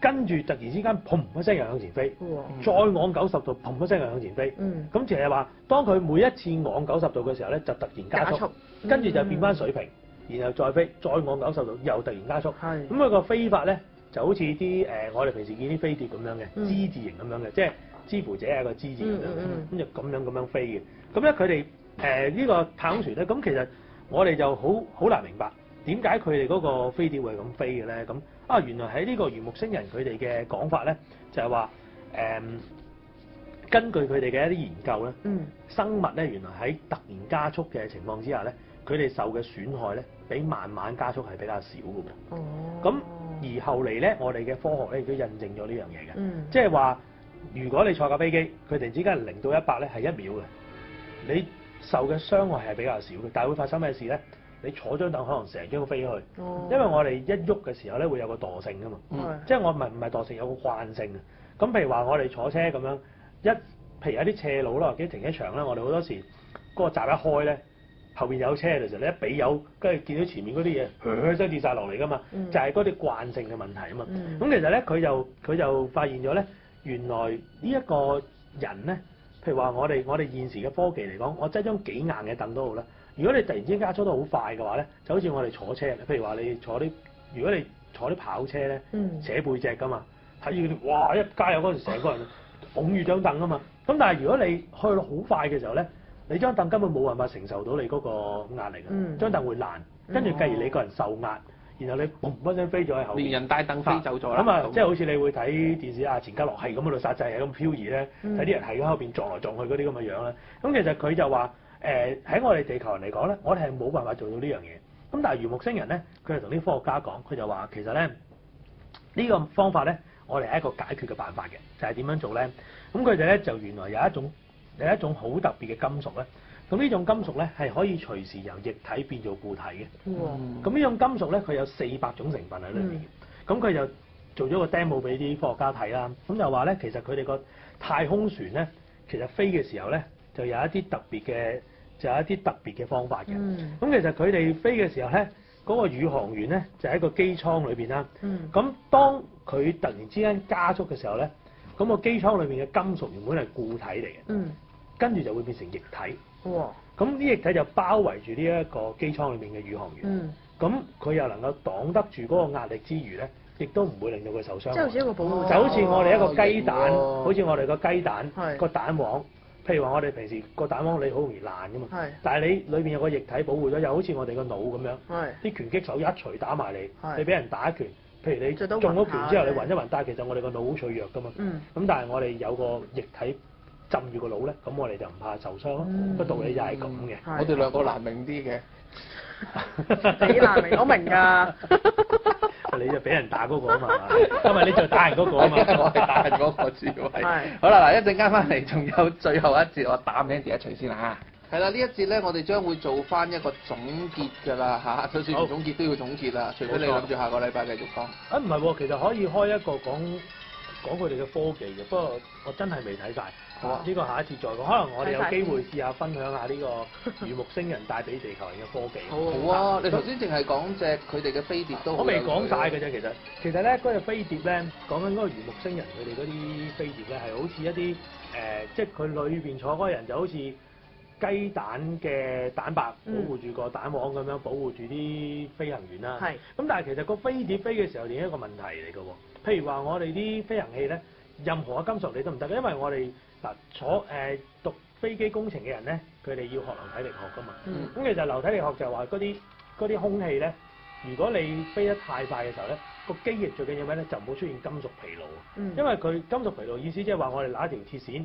跟住突然之間砰一聲又向前飛，嗯、再昂九十度，砰一聲又向前飛，嗯。咁就係話，當佢每一次昂九十度嘅時候咧，就突然加速，跟住、嗯、就變翻水平，嗯、然後再飛，再昂九十度，又突然加速，咁佢個飛法咧，就好似啲、呃、我哋平時見啲飛碟咁樣嘅之、嗯、字形咁樣嘅，即係之乎者係個之字咁、嗯嗯、樣，嗯嗯，咁樣咁樣飛嘅。咁咧，佢、呃、哋、這個、呢個太空船咧，咁其實我哋就好好難明白。點解佢哋嗰個飛碟會咁飛嘅咧？咁啊，原來喺呢個魚木星人佢哋嘅講法咧，就係話誒，根據佢哋嘅一啲研究咧，嗯、生物咧原來喺突然加速嘅情況之下咧，佢哋受嘅損害咧，比慢慢加速係比較少嘅哦。咁、嗯、而後嚟咧，我哋嘅科學咧亦都印證咗呢樣嘢嘅。即係話，如果你坐架飛機，佢哋突然之間零到一百咧係一秒嘅，你受嘅傷害係比較少嘅，但係會發生咩事咧？你坐張凳可能成張飛去，因為我哋一喐嘅時候咧會有個惰性噶嘛，嗯、即係我唔係唔係惰性，有個慣性啊。咁譬如話我哋坐車咁樣，一譬如有啲斜路啦、或者停車場啦，我哋好多時嗰個閘一開咧，後邊有車嘅時候，你一俾油，跟住見到前面嗰啲嘢，噉真跌晒落嚟噶嘛，就係嗰啲慣性嘅問題啊嘛。咁其實咧佢就佢就發現咗咧，原來呢一個人咧，譬如話我哋我哋現時嘅科技嚟講，我真係張幾硬嘅凳都好啦。如果你突然之間加速得好快嘅話咧，就好似我哋坐車，譬如話你坐啲，如果你坐啲跑車咧，斜、嗯、背脊噶嘛，睇住佢哋，哇一加油嗰陣時，成個人拱住張凳噶嘛。咁但係如果你去到好快嘅時候咧，你張凳根本冇辦法承受到你嗰個壓力，張凳、嗯、會爛。跟住，繼而你個人受壓，然後你砰一聲飛咗喺後面，連人帶凳飛走咗啦。咁啊，即係好似你會睇電視啊，錢嘉樂係咁喺度殺掣係咁漂移咧，睇啲人係喺後邊撞嚟撞去嗰啲咁嘅樣咧。咁其實佢就話。誒喺、呃、我哋地球人嚟講咧，我哋係冇辦法做到呢樣嘢。咁但係魚木星人咧，佢就同啲科學家講，佢就話其實咧呢、呢個方法咧，我哋係一個解決嘅辦法嘅，就係、是、點樣做咧？咁佢哋咧就原來有一種有一種好特別嘅金屬咧。咁呢種金屬咧係可以隨時由液體變做固體嘅。咁呢哇種金屬咧，佢有四百種成分喺裏邊。咁佢、嗯、就做咗個 demo 俾啲科學家睇啦。咁就話咧，其實佢哋個太空船咧，其實飛嘅時候咧。就有一啲特別嘅，就有一啲特別嘅方法嘅。咁其實佢哋飛嘅時候咧，嗰個宇航員咧就喺個機艙裏面啦。咁當佢突然之間加速嘅時候咧，咁個機艙裏面嘅金屬原本係固體嚟嘅，跟住就會變成液體。咁啲液體就包圍住呢一個機艙裏面嘅宇航員。咁佢又能夠擋得住嗰個壓力之餘咧，亦都唔會令到佢受傷。即係好似一個保護，就好似我哋一個雞蛋，好似我哋個雞蛋個蛋黃。譬如話，我哋平時個蛋黃你好容易爛噶嘛，是但係你裏面有個液體保護咗，又好似我哋個腦咁樣，啲是拳擊手一錘打埋是你，你俾人打一拳，譬如你中咗拳之後你暈一暈，是但係其實我哋個腦好脆弱噶嘛，咁、嗯、但係我哋有個液體浸住個腦咧，咁我哋就唔怕受傷咯，個、嗯、道理就係咁嘅，嗯、是我哋兩個難明啲嘅， 你難明我明㗎。 你就俾人打嗰、那個啊嘛，今日 你就打人嗰個啊嘛，我係打人嗰個智慧。好啦，嗱，一陣間翻嚟仲有最後一節，我打 Mandy 一場先啦嚇。係啦，呢一節咧，我哋將會做翻一個總結噶啦嚇，就算唔總結都要總結啦。好除非你諗住下個禮拜繼續講。啊，唔係喎，其實可以開一個講講佢哋嘅科技嘅，不過我真係未睇晒。好啊！呢個下一次再講，可能我哋有機會試下分享下呢個魚木星人帶俾地球人嘅科技。 好啊！以你頭先淨係講隻佢哋嘅飛碟都，我未講曬嘅啫。其實其實咧，嗰、那、隻、個、飛碟咧，講緊嗰個魚木星人佢哋嗰啲飛碟咧，係好似一啲誒、呃，即係佢裏邊坐嗰個人就好似雞蛋嘅蛋白、嗯、保護住個蛋黃咁樣保護住啲飛行員啦。係是。咁但係其實個飛碟飛嘅時候，另一個問題嚟嘅喎。譬如話我哋啲飛行器咧，任何嘅金屬你都唔得嘅，因為我哋。坐誒讀飛機工程嘅人咧，佢哋要學流體力學㗎嘛。咁、嗯、其實流體力學就係話嗰啲嗰啲空氣咧，如果你飛得太快嘅時候咧，個機翼最緊要咩咧，就唔好出現金屬疲勞。嗯、因為佢金屬疲勞意思即係話我哋拿一條鐵線、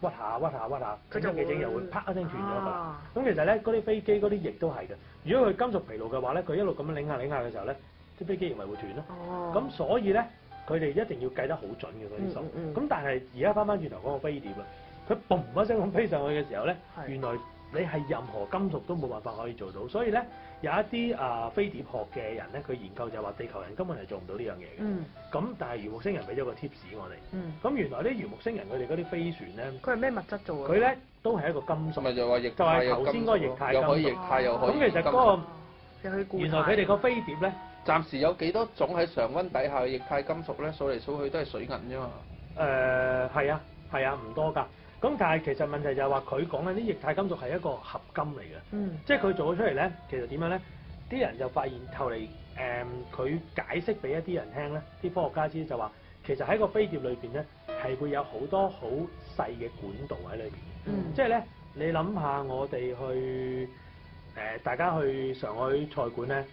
嗯、屈下屈下屈下屈下，即根嘅整又會啪一聲斷咗㗎。咁、啊、其實咧，嗰啲飛機嗰啲翼都係嘅。如果佢金屬疲勞嘅話咧，佢一路咁樣擰下擰下嘅時候咧，啲飛機翼咪會斷咯。咁、啊、所以咧。佢哋一定要計得好準嘅嗰啲數，咁、嗯嗯、但係而家翻返轉頭講個飛碟啦，佢嘣一聲咁飛上去嘅時候咧，是原來你係任何金屬都冇辦法可以做到，所以咧有一啲啊、呃、飛碟學嘅人咧，佢研究就話地球人根本係做唔到呢樣嘢嘅，咁、嗯、但係魚木星人俾咗個 tips 我哋，咁、嗯、原來啲魚木星人佢哋嗰啲飛船咧，佢係咩物質做啊？佢咧都係一個金屬，就係頭先嗰個液態金，咁屬其實嗰、那個原來佢哋個飛碟咧。暫時有幾多種喺常溫底下嘅液態金屬咧？數嚟數去都係水銀啫嘛。誒、呃，係啊，係啊，唔多㗎。咁但係其實問題就係話佢講緊啲液態金屬係一個合金嚟嘅。嗯。即係佢做咗出嚟咧，其實點樣咧？啲人就發現透嚟誒，佢、呃、解釋俾一啲人聽咧，啲科學家先就話，其實喺個飛碟裏邊咧係會有好多好細嘅管道喺裏邊。嗯。即係咧，你諗下我哋去誒、呃，大家去上海菜館咧。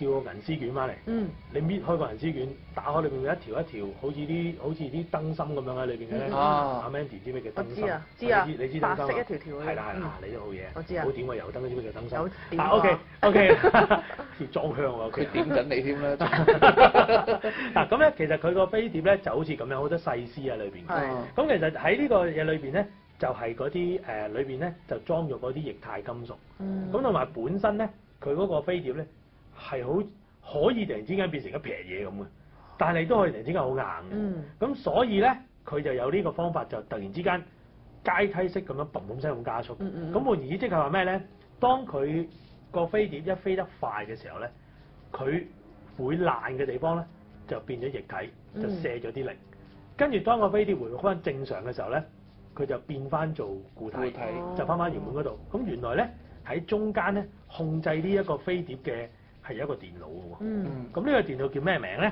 叫個銀絲卷翻嚟，你搣開個銀絲卷，打開裏邊有一條一條，好似啲好似啲燈芯咁樣喺裏邊嘅咧。阿 Mandy 知唔知咩叫燈芯？我知啊，知啊。你知燈芯？白色一條條嘅。係啦係啦，你都好嘢。我知啊。好點個油燈，知唔知咩叫燈芯？有 O K O K。裝香喎，佢點緊你添啦。嗱咁咧，其實佢個飛碟咧就好似咁樣好多細絲喺裏邊。咁其實喺呢個嘢裏邊咧，就係嗰啲誒裏邊咧就裝咗嗰啲液態金屬。咁同埋本身咧，佢嗰個飛碟咧。係好可以突然之間變成一撇嘢咁嘅，但係都可以突然之間好硬嘅。咁、嗯、所以咧，佢就有呢個方法，就突然之間階梯式咁樣嘣嘣聲咁加速。咁、嗯嗯、換言之，即係話咩咧？當佢個飛碟一飛得快嘅時候咧，佢會爛嘅地方咧就變咗液體，就卸咗啲力。跟住當個飛碟回復翻正常嘅時候咧，佢就變翻做固體，就翻翻原本嗰度。咁原來咧喺中間咧控制呢一個飛碟嘅。係一個電腦嘅、啊、喎，咁呢、嗯嗯、個電腦叫咩名咧？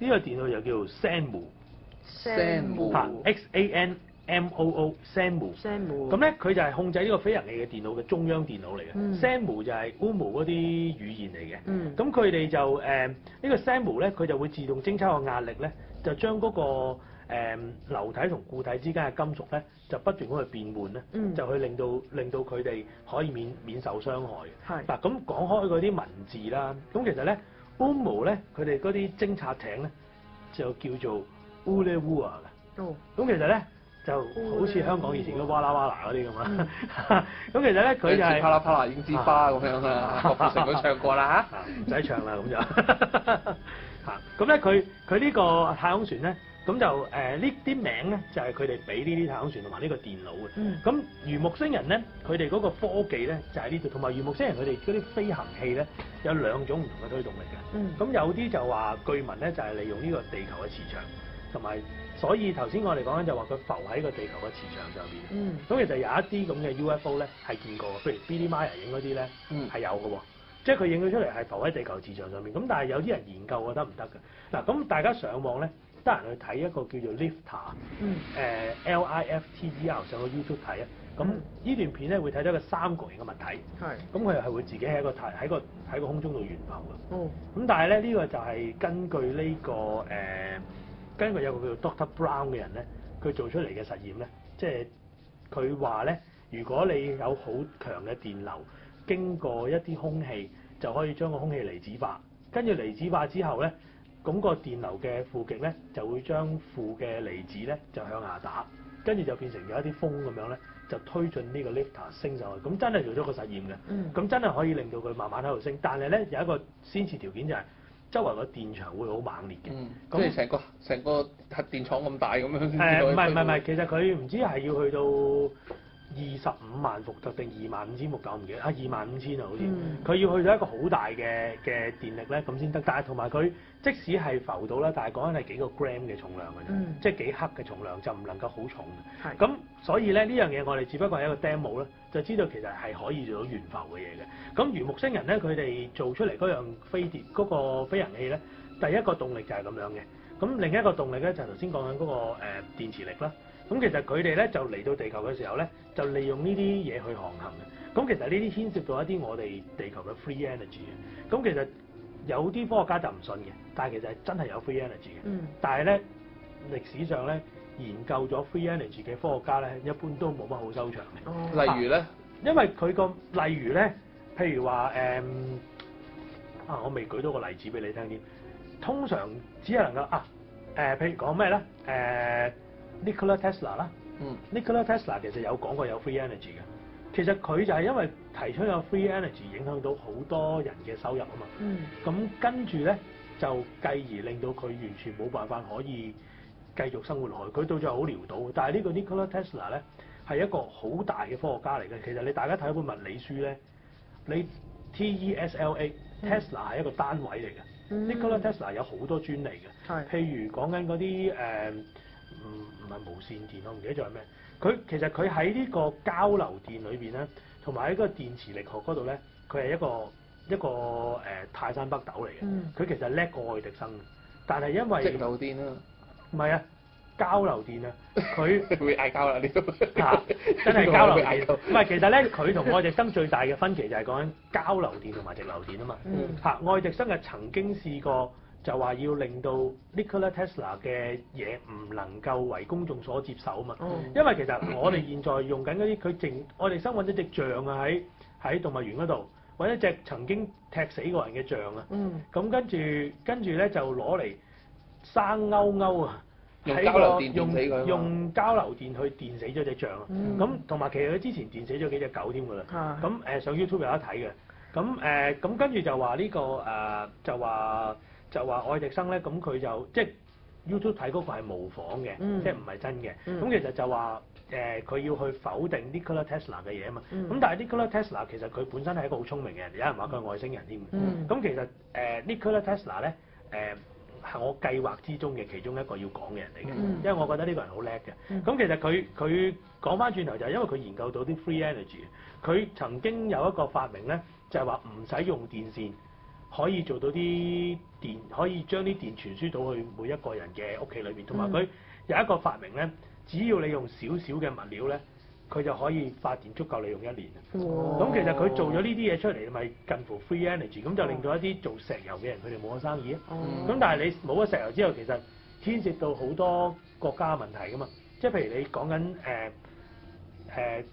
呢、呢個電腦又叫 Samu，Samu，X A N M、e、O O，Samu sam u。Samu、啊。咁咧，佢 Sam u. 就係控制呢個飛行器嘅電腦嘅中央電腦嚟嘅。嗯、Samu 就係 u m o 嗰啲語言嚟嘅，咁佢哋就、呃呢個、sam 呢個 Samu 咧，佢就會自動偵測個壓力咧，就將嗰、嗰個。誒，流體同固體之間嘅金屬咧，就不斷咁去變換咧，就去令到令到佢哋可以免免受傷害嘅。係嗱，咁講開嗰啲文字啦，咁其實咧，烏毛咧，佢哋嗰啲偵察艇咧就叫做烏咧烏啊嘅。哦，咁其實咧就好似香港以前嘅哇啦哇啦嗰啲咁啊。咁其實咧，佢就係哇啦哇啦煙支花咁樣啊，郭富城佢唱過啦，唔使唱啦，咁就啊，咁咧佢佢呢個太空船咧。咁就誒、呃、呢啲名咧，就係佢哋俾呢啲太空船同埋呢個電腦嘅。咁魚、嗯、木星人咧，佢哋嗰個科技咧就係呢度，同埋魚木星人佢哋嗰啲飛行器咧有兩種唔同嘅推動力嘅。咁、嗯、有啲就話據聞咧就係、是、利用呢個地球嘅磁場，同埋所以頭先我嚟講咧就話佢浮喺個地球嘅磁場上面。咁、嗯、其實有一啲咁嘅 UFO 咧係見過，譬如 Bill Myers 影嗰啲咧係有嘅喎、哦，即係佢影咗出嚟係浮喺地球磁場上面。咁但係有啲人研究覺得唔得嘅。嗱咁大家上網咧。得人去睇一個叫做 Lifter，L、嗯呃、I F T E R，上個 YouTube 睇啊。咁呢段片咧會睇到一個三角形嘅物體，咁佢又係會自己喺個喺個喺個空中度懸浮㗎。咁、哦、但係咧呢、呢個就係根據呢、呢個誒、呃，根據有個叫做 Doctor Brown 嘅人咧，佢做出嚟嘅實驗咧，即係佢話咧，如果你有好強嘅電流經過一啲空氣，就可以將個空氣離子化。跟住離子化之後咧。咁個電流嘅負極咧，就會將負嘅離子咧，就向下打，跟住就變成有一啲風咁樣咧，就推進呢個 lifter 升上去。咁真係做咗個實驗嘅，咁、嗯、真係可以令到佢慢慢喺度升。但係咧有一個先設條件就係，周圍個電場會好猛烈嘅。咁你成個成個核電廠咁大咁樣。先、呃。唔係唔係唔係，其實佢唔知係要去到。二十五萬伏特定二萬五千伏特，唔記得二萬五千啊 25, v, 好似佢、嗯、要去到一個好大嘅嘅電力咧咁先得，但係同埋佢即使係浮到啦，但係講緊係幾個 gram 嘅重量嘅啫，嗯、即係幾克嘅重量就唔能夠好重嘅。咁的所以咧呢樣嘢、這個、我哋只不過係一個 demo 啦，就知道其實係可以做到懸浮嘅嘢嘅。咁魚木星人咧，佢哋做出嚟嗰樣飛碟嗰個飛行器咧，第一個動力就係咁樣嘅。咁另一個動力咧就係頭先講緊嗰個誒、呃、電磁力啦。咁其實佢哋咧就嚟到地球嘅時候咧，就利用呢啲嘢去航行嘅。咁其實呢啲牽涉到一啲我哋地球嘅 free energy 嘅。咁其實有啲科學家就唔信嘅，但係其實係真係有 free energy 嘅。嗯。但係咧，歷史上咧研究咗 free energy 嘅科學家咧，一般都冇乜好收場嘅。例如咧、啊，因為佢個例如咧，譬如話誒、嗯、啊，我未舉到個例子俾你聽添。通常只係能夠啊誒、呃，譬如講咩咧誒，呃 Nikola Tesla 啦、嗯、Nikola Tesla 其實有講過有 free energy 嘅，其實佢就係因為提出有 free energy 影響到好多人嘅收入啊嘛，咁、嗯嗯、跟住咧就繼而令到佢完全冇辦法可以繼續生活落去，佢到最後好潦倒。但係呢個 Nikola Tesla 咧係一個好大嘅科學家嚟嘅，其實你大家睇一本物理書咧，你 T E S L A、嗯、Tesla 係一個單位嚟嘅，Nikola Tesla 有好多專利嘅，嗯、譬如講緊嗰啲誒唔唔係無線電，我唔記得咗係咩。佢其實佢喺呢個交流電裏邊咧，同埋喺個電磁力學嗰度咧，佢係一個一個誒、呃、泰山北斗嚟嘅。佢其實叻過愛迪生，但係因為直流電啊，唔係啊，交流電 啊，佢會嗌交啦！你都嚇，真係交流嗌。唔係，其實咧，佢同愛迪生最大嘅分歧就係講緊交流電同埋直流電啊嘛。嗯。嚇、啊，愛迪生係曾經試過。就話要令到 Nikola Tesla 嘅嘢唔能夠為公眾所接受啊嘛，嗯、因為其實我哋現在用緊嗰啲，佢淨我哋先揾咗隻象啊，喺喺動物園嗰度，揾咗隻曾經踢死過人嘅象啊、嗯，咁跟住跟住咧就攞嚟生勾勾啊，用交流電用交流電去電死咗隻象啊，咁同埋其實佢之前電死咗幾隻狗添㗎啦，咁上 YouTube 有得睇嘅，咁咁、呃、跟住就話呢個、呃、就話。就話愛迪生咧，咁佢就即係 YouTube 睇嗰個係模仿嘅，嗯、即係唔係真嘅。咁其實就話佢、呃、要去否定 Nikola Tesla 嘅嘢啊嘛。咁、嗯、但係 Nikola Tesla 其實佢本身係一個好聰明嘅人，有人話佢係外星人添。咁、嗯、其實、呃、Nikola Tesla 咧係、呃、我計劃之中嘅其中一個要講嘅人嚟嘅，嗯、因為我覺得呢個人好叻嘅。咁、嗯、其實佢佢講翻轉頭就係因為佢研究到啲 free energy，佢曾經有一個發明咧就係話唔使用電線可以做到啲。電可以將啲電傳輸到去每一個人嘅屋企裏邊，同埋佢有一個發明咧，只要你用少少嘅物料咧，佢就可以發電足夠你用一年。咁、哦、其實佢做咗呢啲嘢出嚟，咪近乎 free energy，咁就令到一啲做石油嘅人佢哋冇咗生意。咁、哦、但係你冇咗石油之後，其實牽涉到好多國家嘅問題噶嘛。即係譬如你講緊誒誒，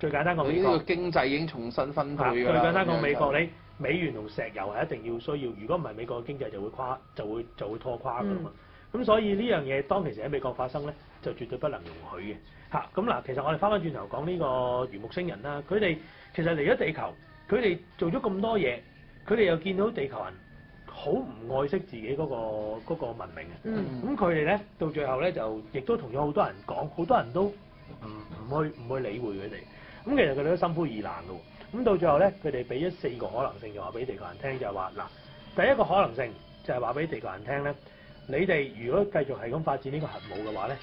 最簡單講，呢個經濟已經重新分配、啊、最簡單講美國你。美元同石油係一定要需要，如果唔係美國嘅經濟就會垮，就會就會拖垮㗎嘛。咁、嗯、所以呢樣嘢當其時喺美國發生咧，就絕對不能容許嘅。嚇，咁嗱，其實我哋翻返轉頭講呢個魚木星人啦，佢哋其實嚟咗地球，佢哋做咗咁多嘢，佢哋又見到地球人好唔愛惜自己嗰、嗰個嗰個文明嘅。咁佢哋咧到最後咧就亦都同咗好多人講，好多人都唔唔去唔去理會佢哋。咁其實佢哋都心灰意冷㗎喎。咁到最後咧，佢哋俾咗四個可能性，就話俾地球人聽就，就係話嗱，第一個可能性就係話俾地球人聽咧，你哋如果繼續係咁發展呢個核武嘅話咧，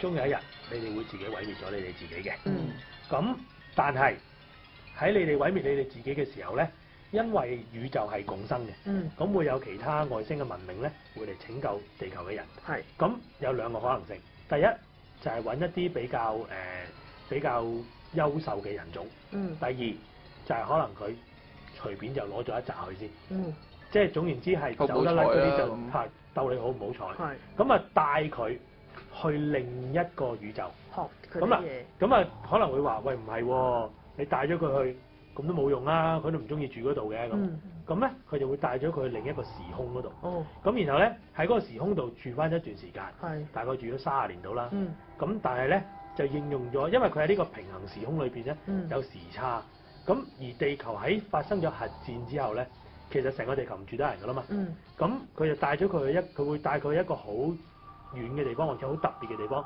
終有一日你哋會自己毀滅咗你哋自己嘅。嗯。咁，但係喺你哋毀滅你哋自己嘅時候咧，因為宇宙係共生嘅。嗯。咁會有其他外星嘅文明咧，會嚟拯救地球嘅人。係。咁有兩個可能性，第一就係揾一啲比較誒比較優秀嘅人種。嗯。第二。但係可能佢隨便就攞咗一紮去先，嗯、即係總言之係走得甩嗰啲就係、嗯、逗你好唔好彩。咁啊是，就帶佢去另一個宇宙，咁嗱，咁啊可能會話：喂，唔係、哦、你帶咗佢去，咁都冇用啦、啊，佢都唔中意住嗰度嘅。咁咧，佢、嗯、就會帶咗佢去另一個時空嗰度。咁、哦、然後咧喺嗰個時空度住翻一段時間，是大概住咗三十年度啦。咁、嗯、但係咧就應用咗，因為佢喺呢個平衡時空裏面咧，嗯、有時差。咁而地球喺發生咗核戰之後咧，其實成個地球唔住得人㗎啦嘛。嗯。咁佢就帶咗佢去一，佢會帶佢去一個好遠嘅地方，或者好特別嘅地方，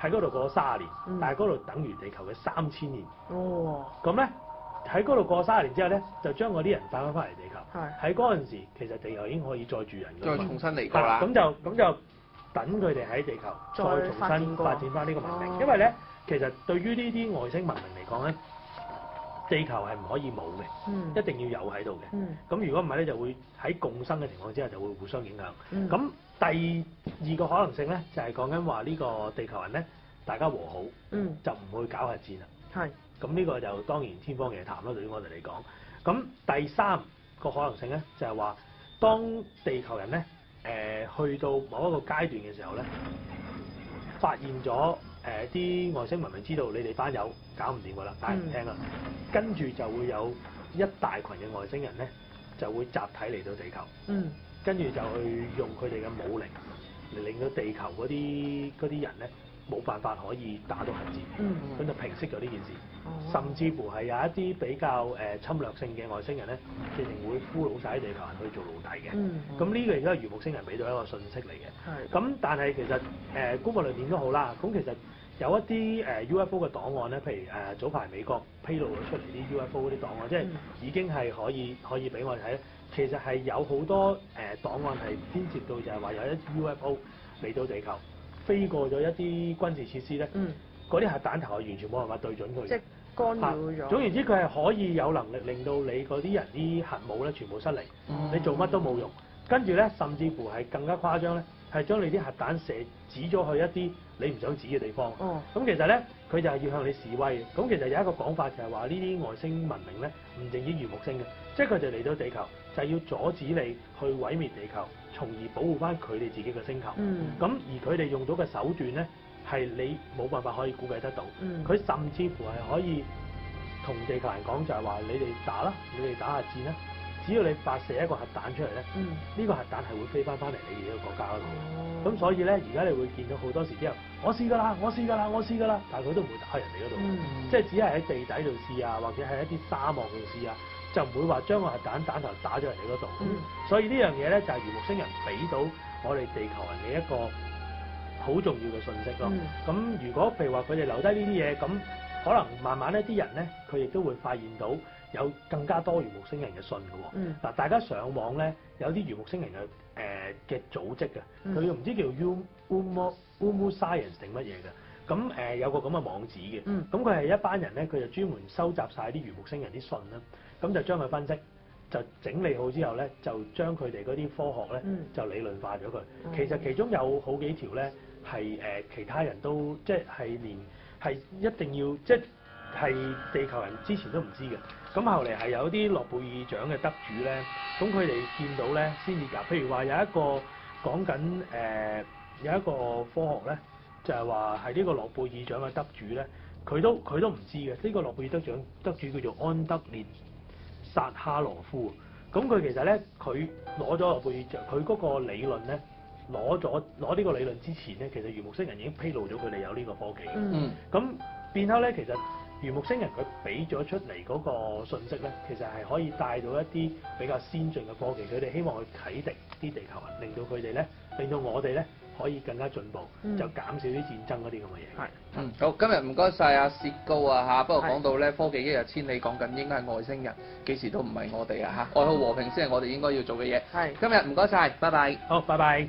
喺嗰度過咗三十年，嗯、但係嗰度等於地球嘅三千年。哇、哦！咁咧喺嗰度過咗三十年之後咧，就將嗰啲人帶返翻嚟地球。係。喺嗰陣時，其實地球已經可以再住人㗎啦。再重新嚟過啦。咁就咁就等佢哋喺地球再重新發展翻呢個文明。哦、因為咧，其實對於呢啲外星文明嚟講咧。地球係唔可以冇嘅，嗯、一定要有喺度嘅。咁如果唔係咧，就會喺共生嘅情況之下就會互相影響。咁、嗯、第二個可能性咧，就係講緊話呢個地球人咧，大家和好，嗯、就唔會搞核戰啦。係是。咁呢個就當然天方夜譚啦，對於我哋嚟講。咁第三個可能性咧，就係話，當地球人咧，誒、呃、去到某一個階段嘅時候咧，發現咗。誒啲、呃、外星文明知道你哋班友搞唔掂㗎啦，但係唔聽啦，嗯、跟住就會有一大群嘅外星人咧，就會集體嚟到地球，嗯、跟住就去用佢哋嘅武力嚟令到地球嗰啲嗰啲人咧。冇辦法可以打到核子，咁就平息咗呢件事。甚至乎係有一啲比較誒侵略性嘅外星人咧，必定會俘虜晒啲地球人去做奴隸嘅。咁呢個亦都係魚木星人俾到一個訊息嚟嘅。咁但係其實誒官方論點都好啦。咁其實有一啲誒 UFO 嘅檔案咧，譬如誒、呃、早排美國披露咗出嚟啲 UFO 啲檔案，即係已經係可以可以俾我哋睇。其實係有好多誒、呃、檔案係牽涉到就係話有一 UFO 嚟到地球。飛過咗一啲軍事設施咧，嗰啲、嗯、核彈頭啊，完全冇辦法對準佢。即係干擾咗。總言之，佢係可以有能力令到你嗰啲人啲核武咧，全部失靈，嗯、你做乜都冇用。跟住咧，甚至乎係更加誇張咧，係將你啲核彈射指咗去一啲你唔想指嘅地方。咁、嗯、其實咧，佢就係要向你示威。咁其實有一個講法就係話，呢啲外星文明咧，唔淨止於木星嘅，即係佢就嚟到地球，就係、是、要阻止你去毀滅地球。從而保護翻佢哋自己嘅星球。咁、嗯、而佢哋用到嘅手段咧，係你冇辦法可以估計得到。佢、嗯、甚至乎係可以同地球人講，就係話你哋打啦，你哋打下戰啦。只要你發射一個核彈出嚟咧，呢、嗯、個核彈係會飛翻翻嚟你哋嘅國家嗰度。咁、哦、所以咧，而家你會見到好多時啲人，我試㗎啦，我試㗎啦，我試㗎啦，但係佢都唔會打喺人哋嗰度，嗯、即係只係喺地底度試啊，或者係一啲沙漠度試啊。就唔會話將個核彈彈頭打咗人哋嗰度，嗯、所以呢樣嘢咧就係魚木星人俾到我哋地球人嘅一個好重要嘅信息咯。咁、嗯、如果譬如話佢哋留低呢啲嘢，咁可能慢慢咧啲人咧佢亦都會發現到有更加多魚木星人嘅信嘅嗱，嗯、大家上網咧有啲魚木星人嘅誒嘅組織嘅，佢又唔知叫 Umo Umo、um um、Science 定乜嘢嘅，咁誒、呃、有個咁嘅網址嘅，咁佢係一班人咧佢就專門收集晒啲魚木星人啲信啦。咁就將佢分析，就整理好之後咧，就將佢哋嗰啲科學咧就理論化咗佢。嗯、其實其中有好幾條咧係誒其他人都即係係連係一定要即係地球人之前都唔知嘅。咁後嚟係有啲諾貝爾獎嘅得主咧，咁佢哋見到咧先至㗎。譬如話有一個講緊誒、呃、有一個科學咧，就係話係呢個諾貝爾獎嘅得主咧，佢都佢都唔知嘅。呢、呢個諾貝爾得獎得主叫做安德烈。薩哈羅夫，咁佢其實咧，佢攞咗背著佢嗰個理論咧，攞咗攞呢個理論之前咧，其實魚木星人已經披露咗佢哋有呢個科技嘅。嗯、mm，咁、hmm. 變後咧，其實魚木星人佢俾咗出嚟嗰個信息咧，其實係可以帶到一啲比較先進嘅科技，佢哋希望去啟迪啲地球人，令到佢哋咧，令到我哋咧，可以更加進步，嗯、就減少啲戰爭嗰啲咁嘅嘢。係，嗯，好，今日唔該晒阿薛高啊嚇，不過講到咧是的 科技一日千里，講緊應該係外星人，幾時都唔係我哋啊嚇，愛好和平先係我哋應該要做嘅嘢。係，是的 今日唔該晒，拜拜。好，拜拜。